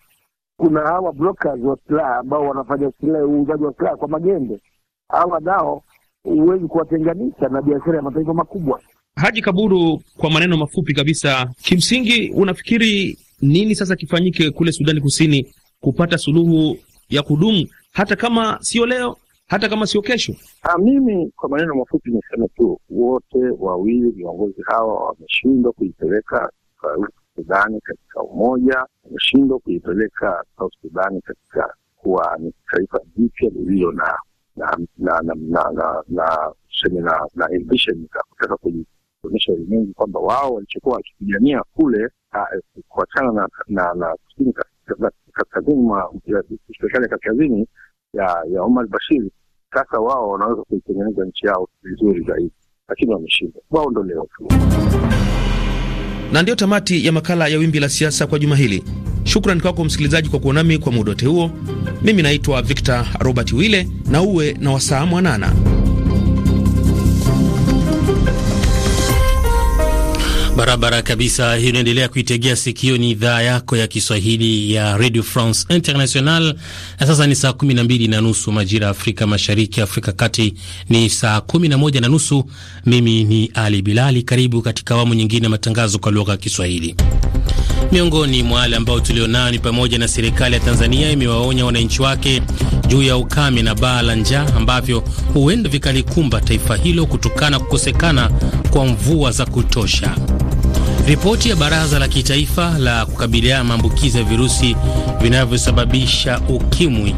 [SPEAKER 5] kuna hawa brokers wa silaha ambao wanafanya uuzaji wa silaha kwa magende Hawa nao huwezi kuwatenganisha na biashara ya mataifa makubwa.
[SPEAKER 12] Haji Kaburu, kwa maneno mafupi kabisa, kimsingi unafikiri nini sasa kifanyike kule Sudani Kusini kupata suluhu ya kudumu, hata kama sio leo hata kama sio kesho?
[SPEAKER 14] Ha, ah, mimi kwa maneno mafupi niseme tu, wote wawili viongozi hawa wameshindwa kuipeleka South Sudani katika umoja, wameshindwa kuipeleka South Sudani katika kuwa ni taifa jipya lililo na na na na na na na na, na ambition za kutaka kuonyesha ulimwengu kwamba wao walichokuwa wakipigania kule ah, eh, kuachana na na kaskazini mwa eh, serikali ya kaskazini ya ya Omar Bashir, sasa wao wanaweza kuitengeneza nchi yao vizuri zaidi, lakini wameshindwa. Wao ndo leo
[SPEAKER 12] na ndiyo tamati ya makala ya Wimbi la Siasa kwa juma hili. Shukrani kwako msikilizaji kwa kuwa nami kwa muda wote huo. Mimi naitwa Victor Robert Wile, na uwe na wasaa mwanana. Barabara kabisa, hii unaendelea
[SPEAKER 1] kuitegea sikio, ni idhaa yako ya Kiswahili ya Radio France International. Na sasa ni saa kumi na mbili na nusu majira ya Afrika Mashariki, Afrika Kati ni saa kumi na moja na nusu. Mimi ni Ali Bilali, karibu katika awamu nyingine ya matangazo kwa lugha ya Kiswahili. Miongoni mwa wale ambao tulionao ni pamoja na serikali ya Tanzania imewaonya wananchi wake juu ya ukame na baa la njaa ambavyo huenda vikalikumba taifa hilo kutokana kukosekana kwa mvua za kutosha. Ripoti ya Baraza la Kitaifa la Kukabiliana na Maambukizi ya Virusi Vinavyosababisha Ukimwi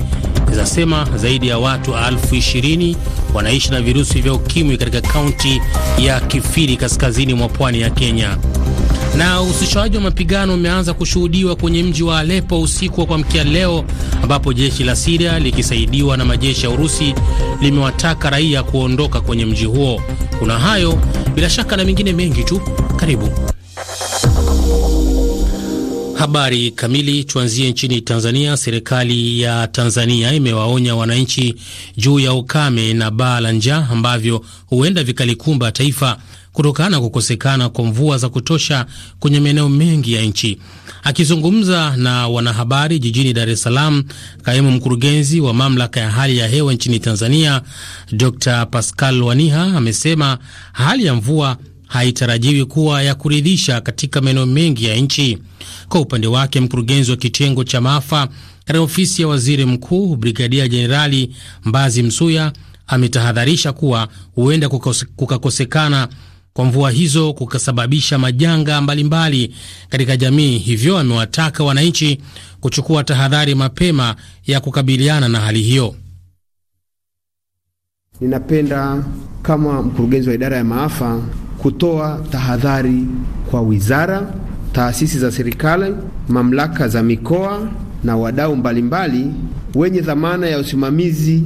[SPEAKER 1] zinasema zaidi ya watu elfu ishirini wanaishi na virusi vya ukimwi katika kaunti ya Kifiri, kaskazini mwa pwani ya Kenya. Na uhusishaji wa mapigano umeanza kushuhudiwa kwenye mji wa Alepo usiku wa kuamkia leo, ambapo jeshi la Siria likisaidiwa na majeshi ya Urusi limewataka raia kuondoka kwenye mji huo. Kuna hayo bila shaka na mengine mengi tu, karibu Habari kamili, tuanzie nchini Tanzania. Serikali ya Tanzania imewaonya wananchi juu ya ukame na baa la njaa ambavyo huenda vikalikumba taifa kutokana na kukosekana kwa mvua za kutosha kwenye maeneo mengi ya nchi. Akizungumza na wanahabari jijini Dar es Salaam, kaimu mkurugenzi wa mamlaka ya hali ya hewa nchini Tanzania, Dr Pascal Waniha amesema hali ya mvua haitarajiwi kuwa ya kuridhisha katika maeneo mengi ya nchi. Kwa upande wake, mkurugenzi wa kitengo cha maafa katika ofisi ya waziri mkuu Brigadia Jenerali Mbazi Msuya ametahadharisha kuwa huenda kukakosekana kwa mvua hizo kukasababisha majanga mbalimbali katika jamii. Hivyo amewataka wananchi kuchukua tahadhari mapema ya kukabiliana na hali hiyo.
[SPEAKER 4] Ninapenda kama mkurugenzi wa idara ya maafa kutoa tahadhari kwa wizara, taasisi za serikali, mamlaka za mikoa na wadau mbalimbali wenye dhamana ya usimamizi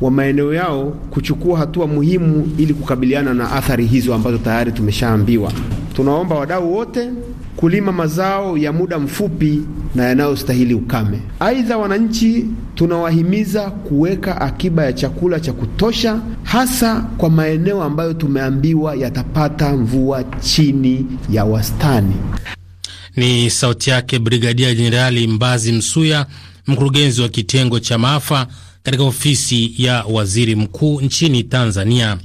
[SPEAKER 4] wa maeneo yao kuchukua hatua muhimu ili kukabiliana na athari hizo ambazo tayari tumeshaambiwa. Tunaomba wadau wote kulima mazao ya muda mfupi na yanayostahili ukame. Aidha, wananchi tunawahimiza kuweka akiba ya chakula cha kutosha, hasa kwa maeneo ambayo tumeambiwa yatapata mvua chini ya wastani.
[SPEAKER 1] Ni sauti yake Brigadia Jenerali Mbazi Msuya, mkurugenzi wa kitengo cha maafa katika ofisi ya waziri mkuu nchini Tanzania.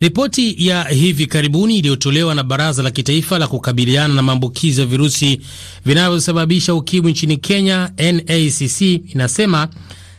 [SPEAKER 1] Ripoti ya hivi karibuni iliyotolewa na Baraza la Kitaifa la Kukabiliana na Maambukizi ya Virusi Vinavyosababisha Ukimwi nchini Kenya, NACC, inasema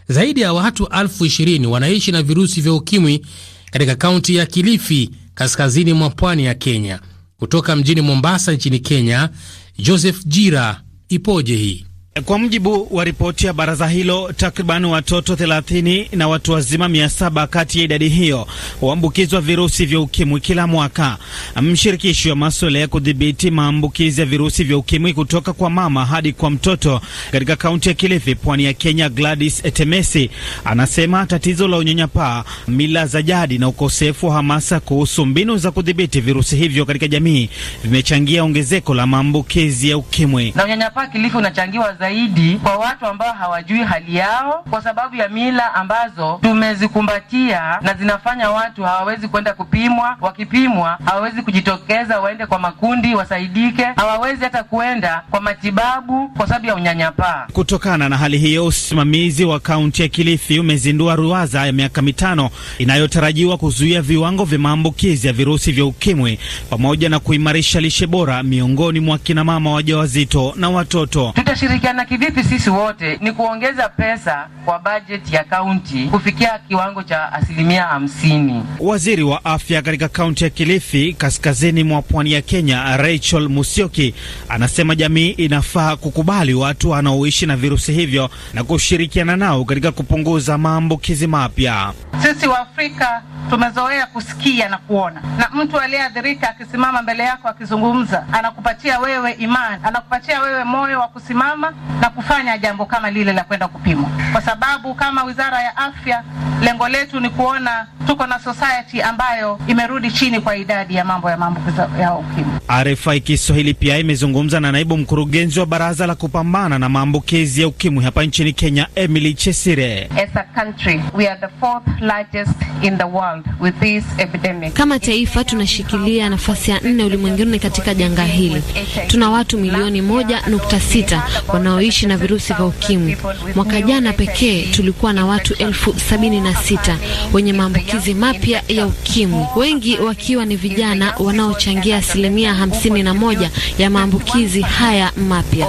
[SPEAKER 1] zaidi ya watu elfu wanaishi na virusi vya ukimwi katika kaunti ya Kilifi, kaskazini mwa pwani ya Kenya. Kutoka mjini Mombasa nchini Kenya, Joseph Jira ipoje hii Eh, kwa mujibu wa ripoti ya baraza hilo, takriban
[SPEAKER 15] watoto 30 na watu wazima 700 kati ya idadi hiyo huambukizwa virusi vya ukimwi kila mwaka. Mshirikishi wa masuala ya kudhibiti maambukizi ya virusi vya ukimwi kutoka kwa mama hadi kwa mtoto katika kaunti ya Kilifi, pwani ya Kenya, Gladys Etemesi anasema tatizo la unyanyapaa, mila za jadi na ukosefu wa hamasa kuhusu mbinu za kudhibiti virusi hivyo katika jamii vimechangia ongezeko la maambukizi ya ukimwi na
[SPEAKER 2] unyanyapaa. Kilifi unachangiwa zaidi kwa watu ambao hawajui hali yao, kwa sababu ya mila ambazo tumezikumbatia na zinafanya watu hawawezi kwenda kupimwa, wakipimwa hawawezi kujitokeza waende kwa makundi wasaidike, hawawezi hata kuenda kwa matibabu kwa sababu ya unyanyapaa.
[SPEAKER 15] Kutokana na hali hiyo, usimamizi wa kaunti ya Kilifi umezindua ruwaza ya miaka mitano inayotarajiwa kuzuia viwango vya maambukizi ya virusi vya ukimwi pamoja na kuimarisha lishe bora miongoni mwa kinamama wajawazito na watoto
[SPEAKER 2] Tutashiriki na kivipi sisi wote? Ni kuongeza pesa kwa bajeti ya kaunti kufikia kiwango cha asilimia hamsini. Waziri wa afya
[SPEAKER 15] katika kaunti ya Kilifi, kaskazini mwa pwani ya Kenya, Rachel musioki anasema jamii inafaa kukubali watu wanaoishi na virusi hivyo na kushirikiana nao katika kupunguza maambukizi mapya.
[SPEAKER 8] Sisi wa afrika tumezoea kusikia na kuona, na mtu aliyeathirika akisimama mbele yako akizungumza, anakupatia wewe imani, anakupatia wewe moyo wa kusimama na kufanya jambo kama lile la kwenda kupimwa, kwa sababu kama Wizara ya Afya lengo letu ni kuona tuko na society ambayo imerudi chini kwa idadi ya mambo ya maambukizo ya ukimwi.
[SPEAKER 15] RFI Kiswahili pia imezungumza na naibu mkurugenzi wa baraza la kupambana na maambukizi ya ukimwi hapa nchini Kenya, Emily Chesire.
[SPEAKER 8] As a country, we are the fourth largest in the world with this epidemic. Kama taifa tunashikilia nafasi ya nne ulimwenguni katika janga hili. Tuna watu milioni moja nukta sita wana wanaoishi na virusi vya ukimwi. Mwaka jana pekee tulikuwa na watu elfu sabini na sita wenye maambukizi mapya ya ukimwi, wengi wakiwa ni vijana wanaochangia asilimia hamsini na moja ya maambukizi haya mapya.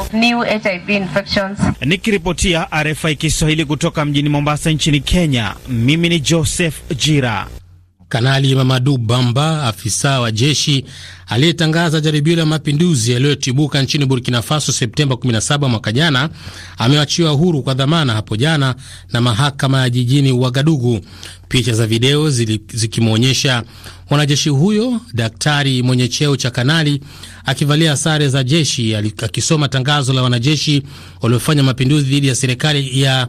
[SPEAKER 15] Nikiripotia RFI Kiswahili kutoka
[SPEAKER 1] mjini Mombasa nchini Kenya, mimi ni Joseph Jira. Kanali Mamadu Bamba, afisa wa jeshi aliyetangaza jaribio la mapinduzi yaliyotibuka nchini Burkina Faso Septemba 17 mwaka jana, amewachiwa huru kwa dhamana hapo jana na mahakama ya jijini Wagadugu. Picha za video zikimwonyesha mwanajeshi huyo daktari mwenye cheo cha kanali akivalia sare za jeshi akisoma tangazo la wanajeshi waliofanya mapinduzi dhidi ya serikali ya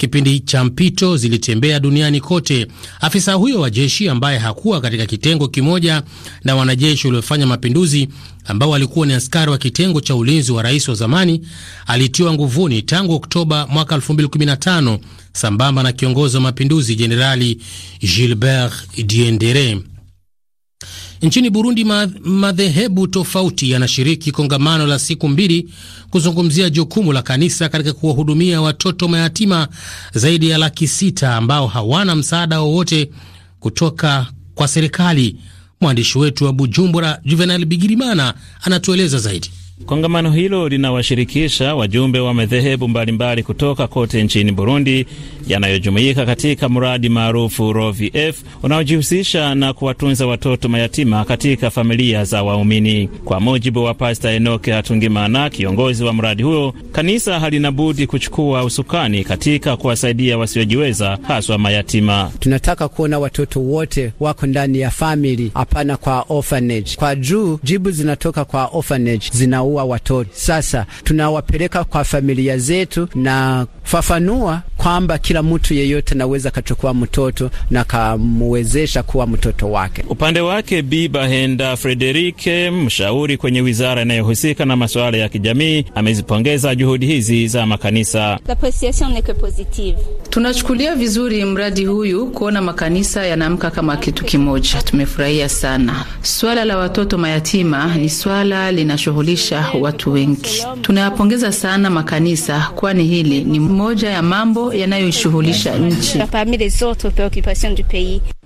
[SPEAKER 1] kipindi cha mpito zilitembea duniani kote. Afisa huyo wa jeshi ambaye hakuwa katika kitengo kimoja na wanajeshi waliofanya mapinduzi ambao walikuwa ni askari wa kitengo cha ulinzi wa rais wa zamani alitiwa nguvuni tangu Oktoba mwaka 2015 sambamba na kiongozi wa mapinduzi Jenerali Gilbert Diendere. Nchini Burundi, madhehebu tofauti yanashiriki kongamano la siku mbili kuzungumzia jukumu la kanisa katika kuwahudumia watoto mayatima zaidi ya laki sita ambao hawana msaada wowote kutoka kwa serikali.
[SPEAKER 6] Mwandishi wetu
[SPEAKER 1] wa Bujumbura, Juvenal Bigirimana, anatueleza
[SPEAKER 6] zaidi. Kongamano hilo linawashirikisha wajumbe wa madhehebu mbalimbali kutoka kote nchini Burundi yanayojumuika katika mradi maarufu ROVF unaojihusisha na kuwatunza watoto mayatima katika familia za waumini. Kwa mujibu wa Pasta Enoke hatungimana kiongozi wa mradi huo, kanisa halina budi kuchukua usukani katika kuwasaidia wasiojiweza, haswa mayatima.
[SPEAKER 2] Tunataka kuona watoto wote wako ndani ya famili, hapana kwa orphanage. Kwa juu jibu zinatoka kwa orphanage zina wanaua watoto. Sasa tunawapeleka kwa familia zetu na fafanua kwamba kila mtu yeyote naweza akachukua mtoto na kamwezesha kuwa mtoto wake.
[SPEAKER 6] Upande wake, Bi Bahenda Frederike, mshauri kwenye wizara inayohusika na masuala ya kijamii, amezipongeza juhudi hizi za makanisa.
[SPEAKER 8] Tunachukulia vizuri mradi huyu, kuona makanisa yanaamka kama kitu kimoja, tumefurahia sana. Swala la watoto mayatima ni swala linashughulisha watu wengi, tunayapongeza sana makanisa, kwani hili ni moja ya mambo yanayoishughulisha nchi.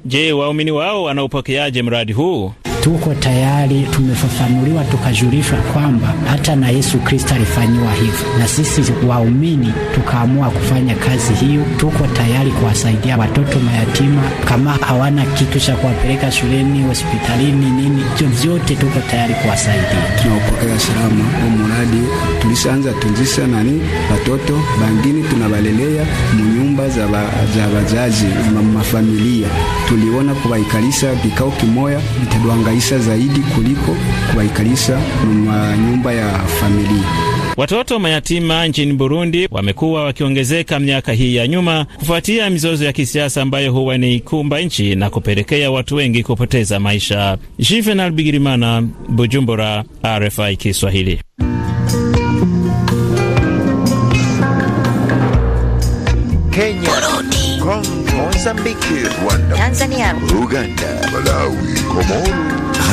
[SPEAKER 6] Je, waumini wao wanaupokeaje mradi huu?
[SPEAKER 2] tuko tayari, tumefafanuliwa tukajulishwa kwamba hata na Yesu Kristo alifanyiwa hivyo, na sisi waumini tukaamua kufanya kazi hiyo. Tuko tayari kuwasaidia watoto mayatima, kama hawana kitu cha kuwapeleka shuleni, hospitalini, nini, vyovyote vyote tuko tayari kuwasaidia. Tunaupokea salama
[SPEAKER 4] umuradi tulisanza tunzisa nani watoto bangini tunabalelea munyumba za wazazi mafamilia, tuliona kubaikalisa vikao kimoya vitadwanga kanisa zaidi kuliko kuwaikalisha nyumba ya familia.
[SPEAKER 6] Watoto mayatima nchini Burundi wamekuwa wakiongezeka miaka hii ya nyuma kufuatia mizozo ya kisiasa ambayo huwa ni ikumba nchi na kupelekea watu wengi kupoteza maisha. Jivenal Bigirimana, Bujumbura, RFI Kiswahili.
[SPEAKER 9] Kenya, Burundi, Kongo, Mozambiki, Rwanda, Tanzania, Uganda, Malawi,
[SPEAKER 2] Komoro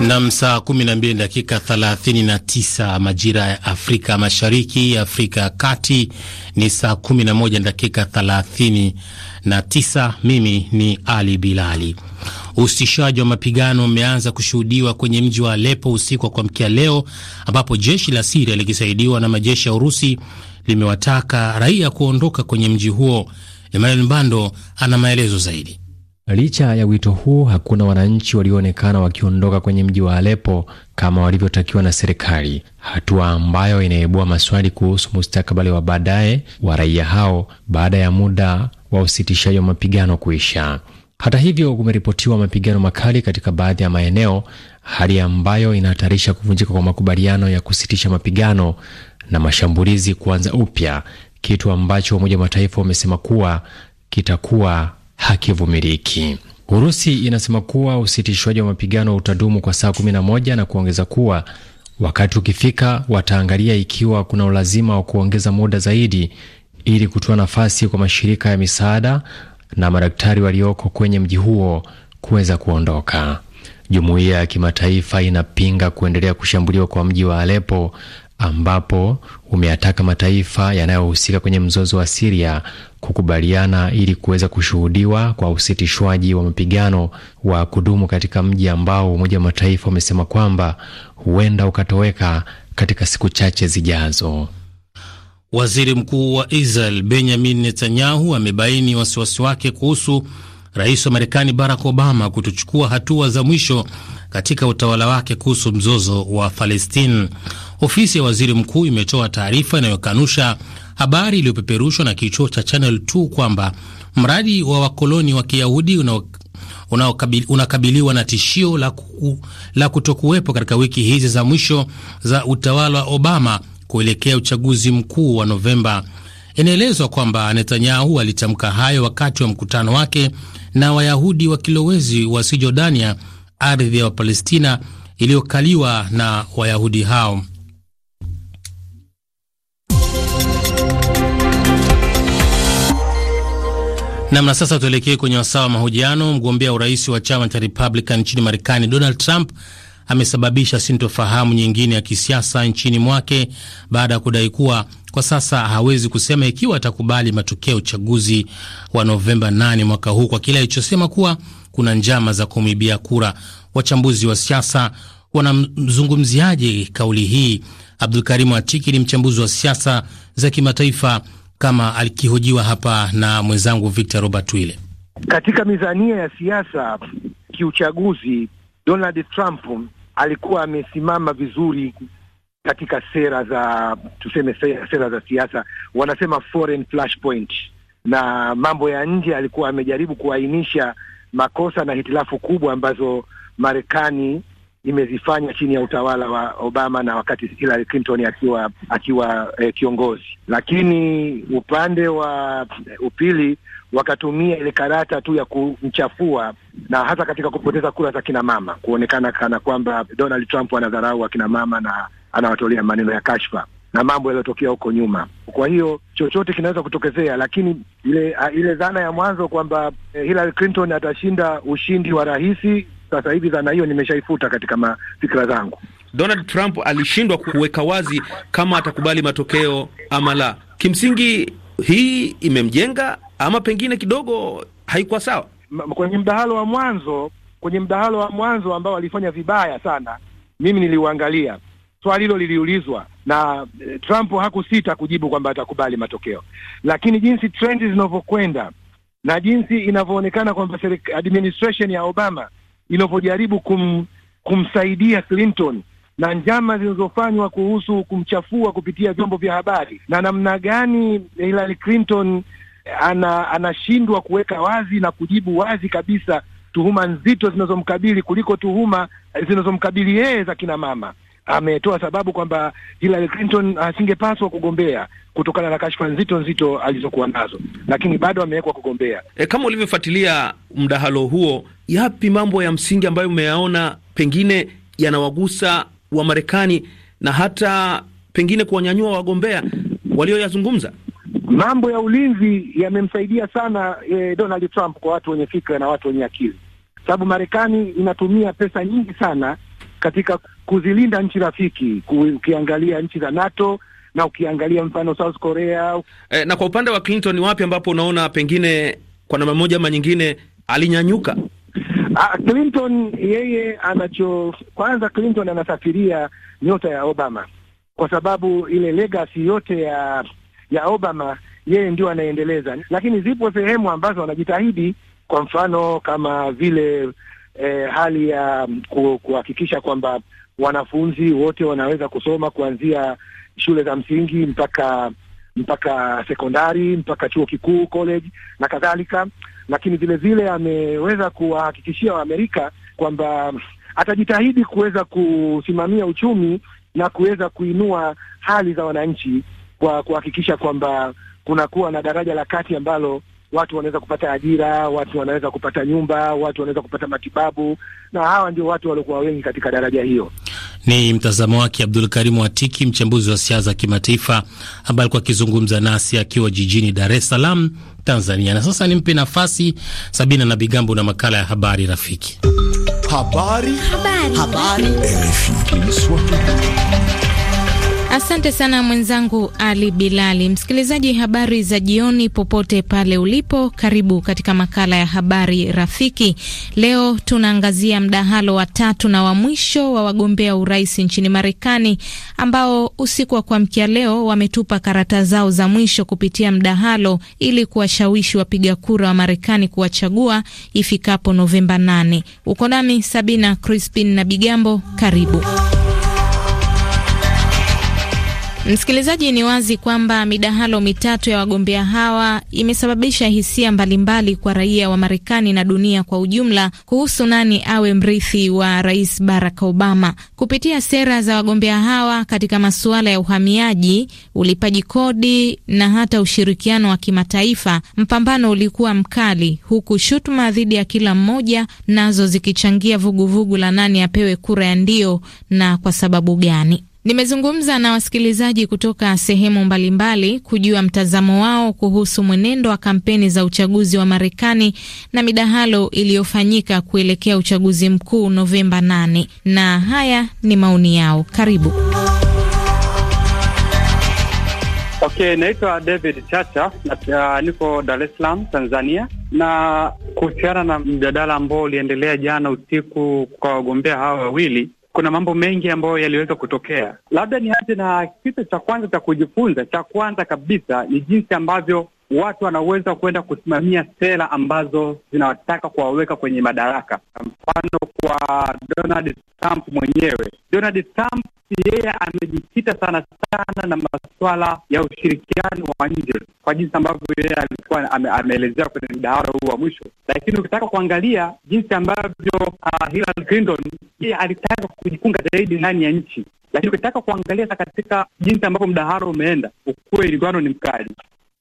[SPEAKER 1] Nam, saa 12 dakika 39 majira ya Afrika Mashariki, Afrika ya Kati ni saa 11 dakika 39. Mimi ni Ali Bilali. Usitishaji wa mapigano umeanza kushuhudiwa kwenye mji wa Alepo usiku wa kuamkia leo, ambapo jeshi la Siria likisaidiwa na majeshi ya Urusi limewataka raia kuondoka kwenye mji huo. Emmanuel Mbando ana maelezo zaidi.
[SPEAKER 11] Licha ya wito huu, hakuna wananchi walioonekana wakiondoka kwenye mji wa Aleppo kama walivyotakiwa na serikali, hatua ambayo inaibua maswali kuhusu mustakabali wa baadaye wa raia hao baada ya muda wa usitishaji wa mapigano kuisha. Hata hivyo, kumeripotiwa mapigano makali katika baadhi ya maeneo, hali ambayo inahatarisha kuvunjika kwa makubaliano ya kusitisha mapigano na mashambulizi kuanza upya, kitu ambacho Umoja wa Mataifa umesema kuwa kitakuwa hakivumiliki. Urusi inasema kuwa usitishwaji wa mapigano utadumu kwa saa 11 na kuongeza kuwa wakati ukifika wataangalia ikiwa kuna ulazima wa kuongeza muda zaidi ili kutoa nafasi kwa mashirika ya misaada na madaktari walioko kwenye mji huo kuweza kuondoka. Jumuiya ya kimataifa inapinga kuendelea kushambuliwa kwa mji wa alepo ambapo umeyataka mataifa yanayohusika kwenye mzozo wa Siria kukubaliana ili kuweza kushuhudiwa kwa usitishwaji wa mapigano wa kudumu katika mji ambao Umoja wa Mataifa umesema kwamba huenda ukatoweka katika siku chache zijazo.
[SPEAKER 1] Waziri Mkuu wa Israel Benjamin Netanyahu amebaini wasiwasi wake kuhusu Rais wa Marekani Barack Obama kutochukua hatua za mwisho katika utawala wake kuhusu mzozo wa Palestina. Ofisi ya waziri mkuu imetoa taarifa inayokanusha habari iliyopeperushwa na kichuo cha Channel 2 kwamba mradi wa wakoloni wa Kiyahudi unakabiliwa na tishio la, ku, la kutokuwepo katika wiki hizi za mwisho za utawala wa Obama kuelekea uchaguzi mkuu wa Novemba. Inaelezwa kwamba Netanyahu alitamka hayo wakati wa mkutano wake na Wayahudi wa kilowezi wa Sijordania, ardhi ya Wapalestina iliyokaliwa na Wayahudi hao. Namna sasa, tuelekee kwenye wasaa wa mahojiano. Mgombea urais wa chama cha Republican nchini Marekani, Donald Trump amesababisha sintofahamu nyingine ya kisiasa nchini mwake baada ya kudai kuwa kwa sasa hawezi kusema ikiwa atakubali matokeo ya uchaguzi wa Novemba 8 mwaka huu kwa kile alichosema kuwa kuna njama za kumwibia kura. Wachambuzi wa siasa wanamzungumziaje kauli hii? Abdulkarimu Atiki ni mchambuzi wa siasa za kimataifa kama alikihojiwa hapa na mwenzangu Victor Robert Wile.
[SPEAKER 5] Katika mizania ya siasa kiuchaguzi, Donald Trump alikuwa amesimama vizuri katika sera za tuseme, sera, sera za siasa wanasema foreign flashpoint, na mambo ya nje alikuwa amejaribu kuainisha makosa na hitilafu kubwa ambazo Marekani imezifanya chini ya utawala wa Obama na wakati Hillary Clinton akiwa akiwa eh, kiongozi. Lakini upande wa eh, upili wakatumia ile karata tu ya kumchafua na hata katika kupoteza kura za kina mama, kuonekana kana kwamba Donald Trump anadharau akina mama na anawatolea maneno ya kashfa na mambo yaliyotokea huko nyuma. Kwa hiyo chochote kinaweza kutokezea, lakini ile ah, ile dhana ya mwanzo kwamba eh, Hillary Clinton atashinda ushindi wa rahisi sasa hivi dhana hiyo nimeshaifuta katika mafikira zangu.
[SPEAKER 12] Donald Trump alishindwa kuweka wazi kama atakubali matokeo ama la. Kimsingi hii imemjenga ama pengine kidogo haikuwa sawa
[SPEAKER 5] kwenye mdahalo wa mwanzo kwenye mdahalo wa mwanzo ambao walifanya vibaya sana. Mimi niliuangalia swali hilo liliulizwa na eh, Trump hakusita kujibu kwamba atakubali matokeo, lakini jinsi trendi zinavyokwenda na jinsi inavyoonekana kwamba administration ya Obama inavyojaribu kum, kumsaidia Clinton na njama zilizofanywa kuhusu kumchafua kupitia vyombo vya habari na namna gani Hillary Clinton ana, anashindwa kuweka wazi na kujibu wazi kabisa tuhuma nzito zinazomkabili kuliko tuhuma zinazomkabili yeye za kina mama ametoa sababu kwamba Hillary Clinton asingepaswa kugombea kutokana na kashfa nzito nzito alizokuwa nazo, lakini bado amewekwa kugombea.
[SPEAKER 12] E, kama ulivyofuatilia mdahalo huo, yapi mambo ya msingi ambayo umeyaona pengine yanawagusa wa Marekani
[SPEAKER 5] na hata pengine kuwanyanyua wagombea walioyazungumza? Mambo ya ulinzi yamemsaidia sana e, Donald Trump kwa watu wenye fikra na watu wenye akili, sababu Marekani inatumia pesa nyingi sana katika kuzilinda nchi rafiki, ukiangalia nchi za NATO na ukiangalia mfano South Korea. E, na kwa upande wa
[SPEAKER 12] Clinton wapi ambapo unaona pengine kwa namna moja ama nyingine alinyanyuka?
[SPEAKER 5] A, ah, Clinton yeye anacho kwanza, Clinton anasafiria nyota ya Obama kwa sababu ile legacy yote ya ya Obama yeye ndio anaendeleza, lakini zipo sehemu ambazo anajitahidi, kwa mfano kama vile eh, hali ya mm, kuhakikisha kwamba wanafunzi wote wanaweza kusoma kuanzia shule za msingi mpaka mpaka sekondari mpaka chuo kikuu college na kadhalika, lakini vile vile ameweza kuwahakikishia Waamerika kwamba mm, atajitahidi kuweza kusimamia uchumi na kuweza kuinua hali za wananchi kwa kuhakikisha kwamba kunakuwa na daraja la kati ambalo watu wanaweza kupata ajira, watu wanaweza kupata nyumba, watu wanaweza kupata matibabu, na hawa ndio watu waliokuwa wengi katika daraja hiyo.
[SPEAKER 1] Ni mtazamo wake Abdul Karimu Atiki, mchambuzi wa siasa za kimataifa, ambaye alikuwa akizungumza nasi akiwa jijini Dar es Salaam, Tanzania. Na sasa nimpe nafasi Sabina na Bigambo na makala ya habari
[SPEAKER 4] rafiki. Habari. Habari. Habari. Habari.
[SPEAKER 8] Asante sana mwenzangu Ali Bilali. Msikilizaji, habari za jioni popote pale ulipo, karibu katika makala ya habari rafiki. Leo tunaangazia mdahalo wa tatu na wa mwisho wa wagombea urais nchini Marekani ambao usiku wa kuamkia leo wametupa karata zao za mwisho kupitia mdahalo ili kuwashawishi wapiga kura wa Marekani kuwachagua ifikapo Novemba 8. Uko nami Sabina Crispin na Bigambo, karibu. Msikilizaji, ni wazi kwamba midahalo mitatu ya wagombea hawa imesababisha hisia mbalimbali kwa raia wa Marekani na dunia kwa ujumla kuhusu nani awe mrithi wa Rais Barack Obama. Kupitia sera za wagombea hawa katika masuala ya uhamiaji, ulipaji kodi na hata ushirikiano wa kimataifa, mpambano ulikuwa mkali, huku shutuma dhidi ya kila mmoja nazo zikichangia vuguvugu la nani apewe kura ya ndio na kwa sababu gani. Nimezungumza na wasikilizaji kutoka sehemu mbalimbali kujua mtazamo wao kuhusu mwenendo wa kampeni za uchaguzi wa Marekani na midahalo iliyofanyika kuelekea uchaguzi mkuu Novemba 8, na haya ni maoni yao. Karibu.
[SPEAKER 10] Okay, naitwa David Chacha na uh, niko Dar es Salaam, Tanzania. Na kuhusiana na mjadala ambao uliendelea jana usiku kwa wagombea hawa wawili kuna mambo mengi ambayo yaliweza kutokea. Labda nianze na kitu cha kwanza cha kujifunza. Cha kwanza kabisa ni jinsi ambavyo watu wanaweza kwenda kusimamia sera ambazo zinawataka kuwaweka kwenye madaraka. Mfano kwa Donald Trump mwenyewe, Donald Trump yeye amejikita sana sana na masuala ya ushirikiano wa nje kwa jinsi ambavyo yeye alikuwa ame, ameelezea kwenye mdahara huu wa mwisho, lakini ukitaka kuangalia jinsi ambavyo uh, Hillary Clinton yeye alitaka kujifunga zaidi ndani ya nchi, lakini ukitaka kuangalia katika jinsi ambavyo mdahara umeenda, ukweli mgano ni mkali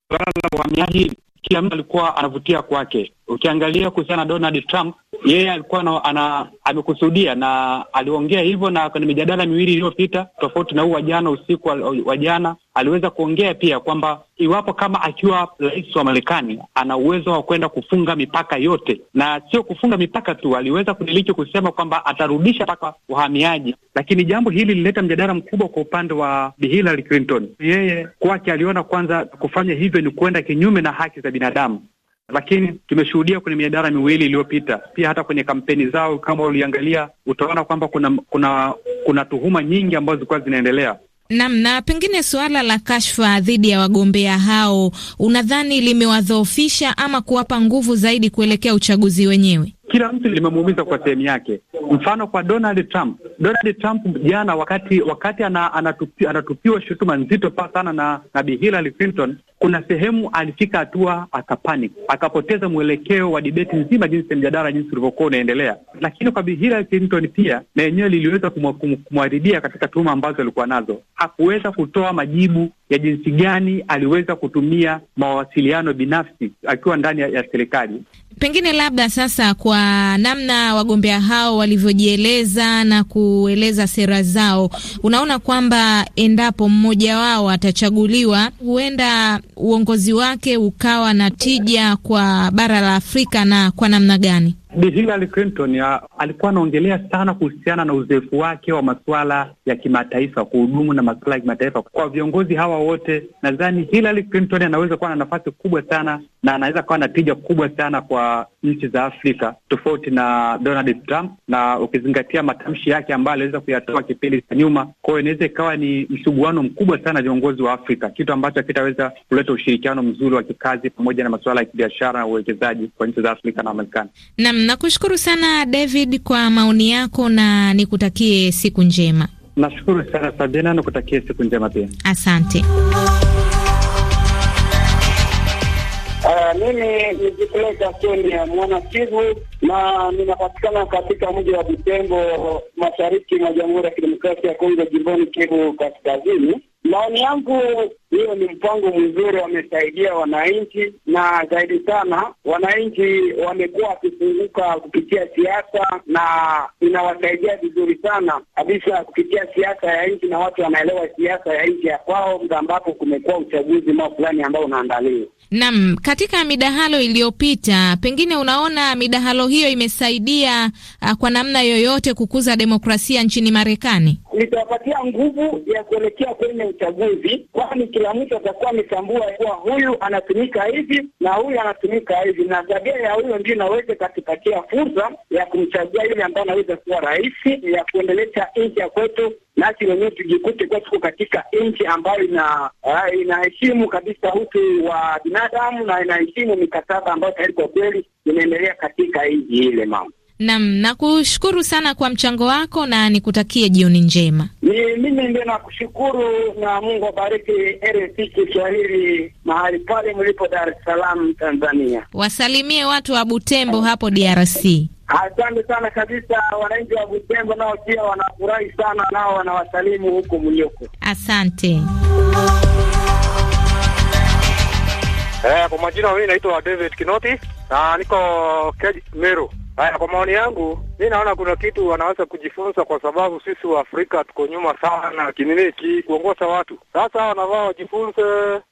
[SPEAKER 10] swala la uhamiaji, kila mtu alikuwa anavutia kwake. Ukiangalia kuhusiana na Donald Trump yeye alikuwa ana, amekusudia na aliongea hivyo, na kwenye mijadala miwili iliyopita, tofauti na huu wa jana usiku wa jana, aliweza kuongea pia kwamba iwapo kama akiwa rais wa Marekani ana uwezo wa kwenda kufunga mipaka yote, na sio kufunga mipaka tu, aliweza kudiliki kusema kwamba atarudisha mpaka uhamiaji Lakini jambo hili lilileta mjadala mkubwa kwa upande wa Bi Hillary Clinton. Yeye kwake aliona kwanza kufanya hivyo ni kuenda kinyume na haki za binadamu, lakini tumeshuhudia kwenye miadara miwili iliyopita, pia hata kwenye kampeni zao, kama uliangalia utaona kwamba kuna kuna kuna tuhuma nyingi ambazo zilikuwa zinaendelea.
[SPEAKER 8] nam na pengine suala la kashfa dhidi ya wagombea hao unadhani limewadhoofisha ama kuwapa nguvu zaidi kuelekea uchaguzi wenyewe?
[SPEAKER 10] Kila mtu limemuumiza kwa sehemu yake. Mfano kwa Donald Trump. Donald Trump jana, wakati wakati anatupiwa ana ana shutuma nzito sana na, na Bi Hillary Clinton kuna sehemu alifika hatua akapanic, akapoteza mwelekeo wa dibeti nzima, jinsi mjadala jinsi ulivyokuwa unaendelea. Lakini kwa Hillary Clinton pia na yenyewe liliweza kumwharibia katika tuhuma ambazo alikuwa nazo. Hakuweza kutoa majibu ya jinsi gani aliweza kutumia mawasiliano binafsi akiwa ndani ya, ya serikali.
[SPEAKER 8] Pengine labda sasa, kwa namna wagombea hao walivyojieleza na kueleza sera zao, unaona kwamba endapo mmoja wao atachaguliwa, huenda uongozi wake ukawa na tija kwa bara la Afrika na kwa namna gani?
[SPEAKER 10] Bi Hillary Clinton ya, alikuwa anaongelea sana kuhusiana na uzoefu wake wa masuala ya kimataifa, kuhudumu na masuala ya kimataifa. Kwa viongozi hawa wote, nadhani Hillary Clinton anaweza kuwa na nafasi kubwa sana na anaweza kuwa na tija kubwa sana kwa nchi za Afrika, tofauti na Donald Trump, na ukizingatia matamshi yake ambayo aliweza kuyatoa kipindi cha nyuma. Kwa hiyo inaweza ikawa ni msuguano mkubwa sana viongozi wa Afrika, kitu ambacho kitaweza kuleta ushirikiano mzuri wa kikazi pamoja na masuala ya kibiashara na uwekezaji kwa nchi za Afrika na Marekani.
[SPEAKER 8] Nakushukuru sana David kwa maoni yako na nikutakie siku njema.
[SPEAKER 10] Nashukuru sana Sabina, nikutakie siku njema pia.
[SPEAKER 8] Asante.
[SPEAKER 5] Ah, mimi ni Jikuleta Kenya mwana Kivu na ninapatikana katika mji wa Butembo, mashariki mwa Jamhuri ya Kidemokrasia ya Kongo, jimboni Kivu Kaskazini. Maoni yangu hiyo ni mpango mzuri, wamesaidia wananchi na zaidi sana wananchi wamekuwa wakifunguka kupitia siasa, na inawasaidia vizuri sana kabisa kupitia siasa ya nchi, na watu wanaelewa siasa ya nchi ya kwao, mda ambapo kumekuwa uchaguzi mao fulani ambao unaandaliwa
[SPEAKER 8] nam katika midahalo iliyopita, pengine unaona midahalo hiyo imesaidia uh, kwa namna yoyote kukuza demokrasia nchini Marekani?
[SPEAKER 5] litawapatia nguvu ya kuelekea kwenye uchaguzi, kwani kila mtu atakuwa ametambua kuwa huyu anatumika hivi na huyu anatumika hivi, na tabia ya huyo ndio inaweza katupatia fursa ya kumchagua yule ambaye anaweza kuwa rais ya kuendeleza nchi ya kwetu, nasi wenyewe tujikute kuwa tuko katika nchi ambayo ina uh, inaheshimu kabisa utu wa binadamu na inaheshimu mikataba ambayo tayari kwa kweli inaendelea katika nchi ile mama
[SPEAKER 8] Nam, nakushukuru sana kwa mchango wako na nikutakie jioni njema. Ni mimi ndio
[SPEAKER 5] nakushukuru na Mungu abariki RFI Kiswahili mahali pale mlipo Dar es Salaam, Tanzania.
[SPEAKER 8] Wasalimie watu wa Butembo hapo DRC. Asante sana kabisa. Wananchi wa
[SPEAKER 5] Butembo nao pia wanafurahi sana, nao wanawasalimu huko mlioko.
[SPEAKER 8] Asante. Eh,
[SPEAKER 10] kwa majina mimi naitwa David Kinoti na niko Meru. Haya, kwa maoni yangu mi naona kuna kitu wanaweza kujifunza, kwa sababu sisi wa Afrika tuko nyuma sana kininiki kuongoza watu. Sasa wanavaa wajifunze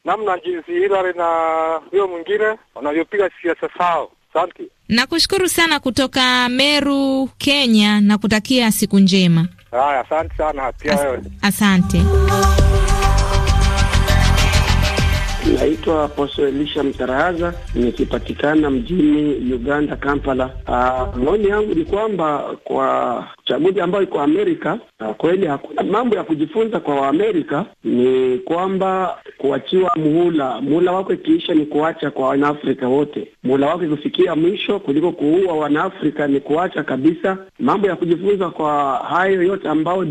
[SPEAKER 10] namna jinsi Hillary na hiyo mwingine wanavyopiga siasa zao. Asante,
[SPEAKER 8] nakushukuru sana kutoka Meru, Kenya, na kutakia siku njema.
[SPEAKER 5] Haya, asante sana pia wewe, asante. Naitwa poso Elisha Mtarahaza, nikipatikana mjini Uganda, Kampala. Ah, maoni yangu ni kwamba kwa chaguzi ambayo iko Amerika ah, kweli hakuna mambo ya kujifunza kwa Waamerika, ni kwamba kuachiwa muhula, muhula wako ikiisha ni kuacha kwa Wanaafrika wote, muhula wako kufikia mwisho kuliko kuua Wanaafrika ni kuacha kabisa. Mambo ya kujifunza kwa hayo yote ambao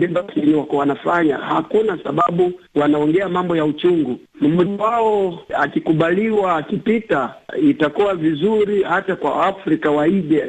[SPEAKER 5] wako wanafanya, hakuna sababu wanaongea mambo ya uchungu, mmoja wao akikubaliwa akipita, itakuwa vizuri hata kwa Afrika waige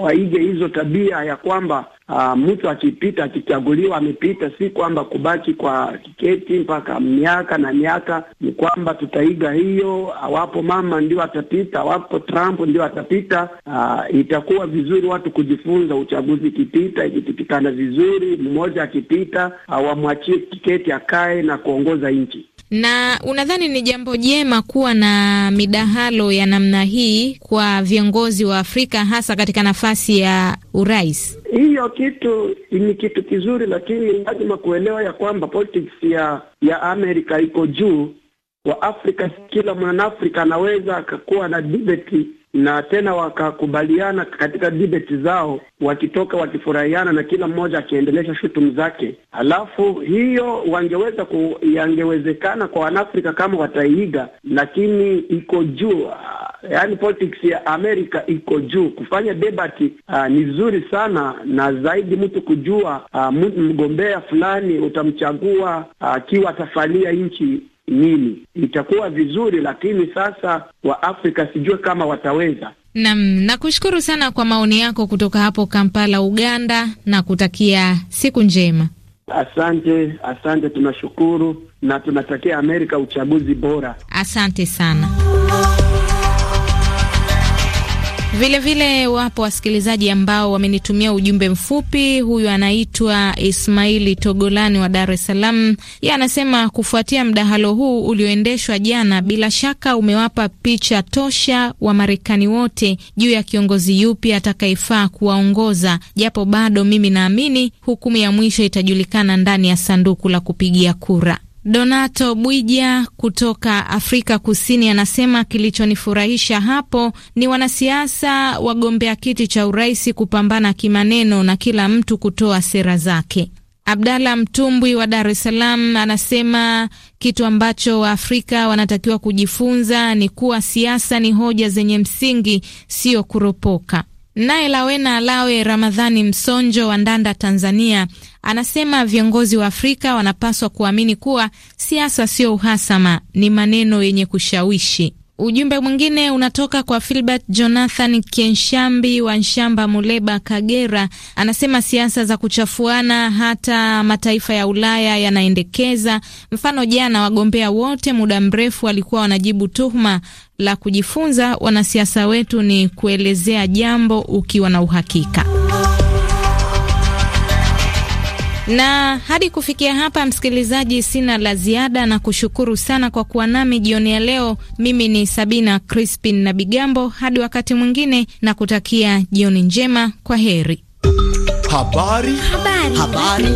[SPEAKER 5] waige hizo tabia ya kwamba uh, mtu akipita akichaguliwa amepita, si kwamba kubaki kwa tiketi mpaka miaka na miaka. Ni kwamba tutaiga hiyo, awapo mama ndio atapita, awapo Trump ndio atapita. Uh, itakuwa vizuri watu kujifunza, uchaguzi ikipita, ikipitikana vizuri, mmoja akipita, awamwachie tiketi akae na kuongoza nchi.
[SPEAKER 8] Na unadhani ni jambo jema kuwa na midahalo ya namna hii kwa viongozi wa Afrika hasa katika nafasi ya urais?
[SPEAKER 5] Hiyo kitu ni kitu kizuri, lakini lazima kuelewa ya kwamba politics ya ya Amerika iko juu. Afrika. kila mwanaafrika anaweza akakuwa na debate na tena wakakubaliana katika debate zao, wakitoka wakifurahiana na kila mmoja akiendelesha shutumu zake. Halafu hiyo wangeweza ku, yangewezekana kwa Wanaafrika kama wataiiga, lakini iko juu Yaani, politics ya Amerika iko juu. Kufanya debati uh, ah, ni vizuri sana na zaidi mtu kujua uh, mgombea fulani utamchagua akiwa uh, atafalia nchi nini. Itakuwa vizuri, lakini sasa Waafrika sijue kama wataweza.
[SPEAKER 8] Nam, nakushukuru sana kwa maoni yako kutoka hapo Kampala, Uganda, na kutakia siku njema.
[SPEAKER 5] Asante, asante, tunashukuru na tunatakia Amerika uchaguzi bora.
[SPEAKER 8] Asante sana. Vilevile vile wapo wasikilizaji ambao wamenitumia ujumbe mfupi. Huyu anaitwa Ismaili Togolani wa Dar es Salaam. Yeye anasema kufuatia mdahalo huu ulioendeshwa jana, bila shaka umewapa picha tosha wa Marekani wote juu ya kiongozi yupi atakayefaa kuwaongoza, japo bado mimi naamini hukumu ya mwisho itajulikana ndani ya sanduku la kupigia kura. Donato Bwija kutoka Afrika Kusini anasema kilichonifurahisha hapo ni wanasiasa wagombea kiti cha urais kupambana kimaneno na kila mtu kutoa sera zake. Abdalla Mtumbwi wa Dar es Salaam anasema kitu ambacho Waafrika wanatakiwa kujifunza ni kuwa siasa ni hoja zenye msingi, sio kuropoka. Naye Lawena Lawe Ramadhani Msonjo wa Ndanda, Tanzania, anasema viongozi wa Afrika wanapaswa kuamini kuwa siasa sio uhasama, ni maneno yenye kushawishi. Ujumbe mwingine unatoka kwa Filbert Jonathan Kienshambi wa Nshamba, Muleba, Kagera. Anasema siasa za kuchafuana hata mataifa ya Ulaya yanaendekeza. Mfano, jana wagombea wote muda mrefu walikuwa wanajibu tuhuma. La kujifunza wanasiasa wetu ni kuelezea jambo ukiwa na uhakika. Na hadi kufikia hapa, msikilizaji, sina la ziada na kushukuru sana kwa kuwa nami jioni ya leo. Mimi ni Sabina Crispin na Bigambo, hadi wakati mwingine, na kutakia jioni njema. Kwa heri.
[SPEAKER 4] Habari. Habari. Habari.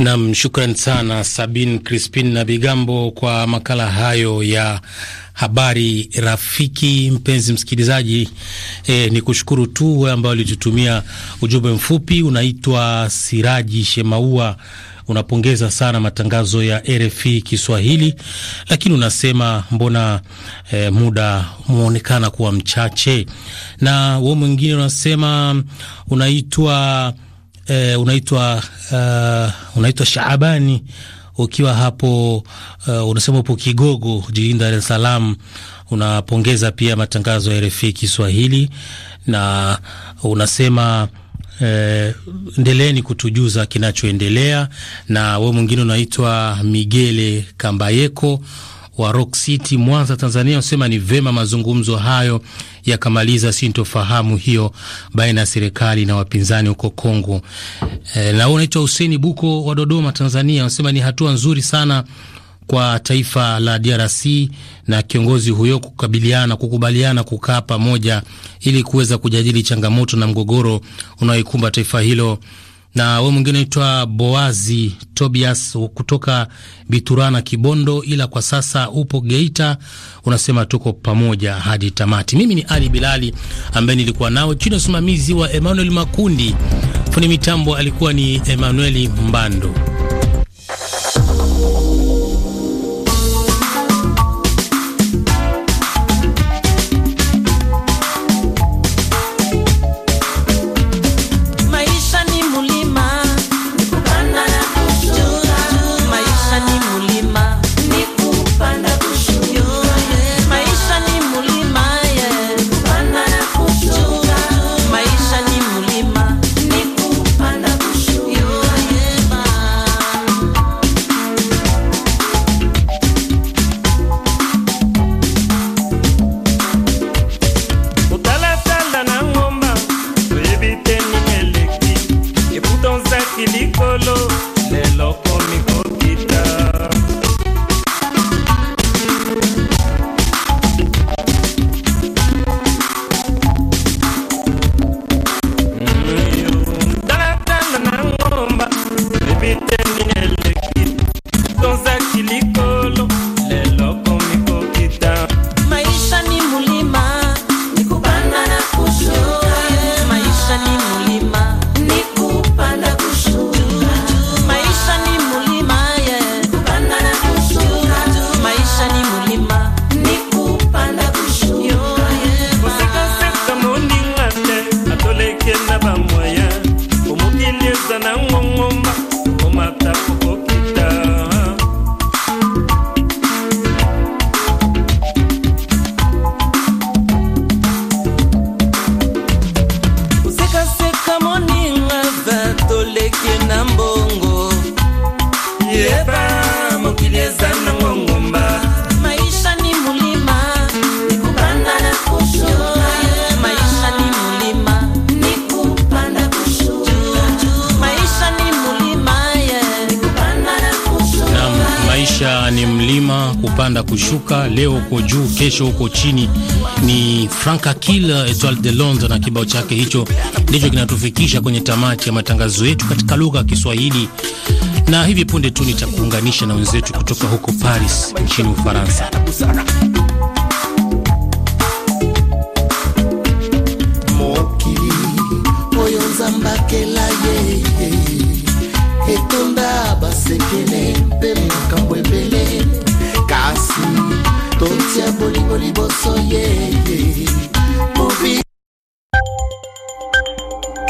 [SPEAKER 1] Nam, shukran sana Sabin Crispin na Bigambo kwa makala hayo ya habari rafiki. Mpenzi msikilizaji, e, ni kushukuru tu wewe ambao ulitutumia ujumbe mfupi. Unaitwa Siraji Shemaua, unapongeza sana matangazo ya RFI Kiswahili, lakini unasema mbona e, muda umeonekana kuwa mchache. Na wewe mwingine unasema unaitwa e, unaitwa uh, unaitwa Shaabani ukiwa hapo uh, unasema upo Kigogo jijini Dar es Salaam, unapongeza pia matangazo ya RFI Kiswahili na unasema uh, endeleeni kutujuza kinachoendelea. Na we mwingine unaitwa Migele Kambayeko wa Rock City Mwanza, Tanzania, wanasema ni vema mazungumzo hayo yakamaliza sintofahamu hiyo baina ya serikali na wapinzani huko Kongo. E, na unaitwa Huseni Buko wa Dodoma, Tanzania, wanasema ni hatua nzuri sana kwa taifa la DRC na kiongozi huyo kukabiliana kukubaliana kukaa pamoja ili kuweza kujadili changamoto na mgogoro unaoikumba taifa hilo na we mwingine unaitwa Boazi Tobias kutoka Biturana, Kibondo, ila kwa sasa upo Geita. Unasema tuko pamoja hadi tamati. Mimi ni Ali Bilali ambaye nilikuwa nao chini ya usimamizi wa Emmanuel Makundi. Fundi mitambo alikuwa ni Emmanuel Mbando. kesho huko chini. Ni Frank Akila Etoile de Londres, na kibao chake hicho ndicho kinatufikisha kwenye tamati ya matangazo yetu katika lugha ya Kiswahili, na hivi punde tu nitakuunganisha na wenzetu kutoka huko Paris nchini Ufaransa.
[SPEAKER 5] Moki,
[SPEAKER 4] bolingo liboso ye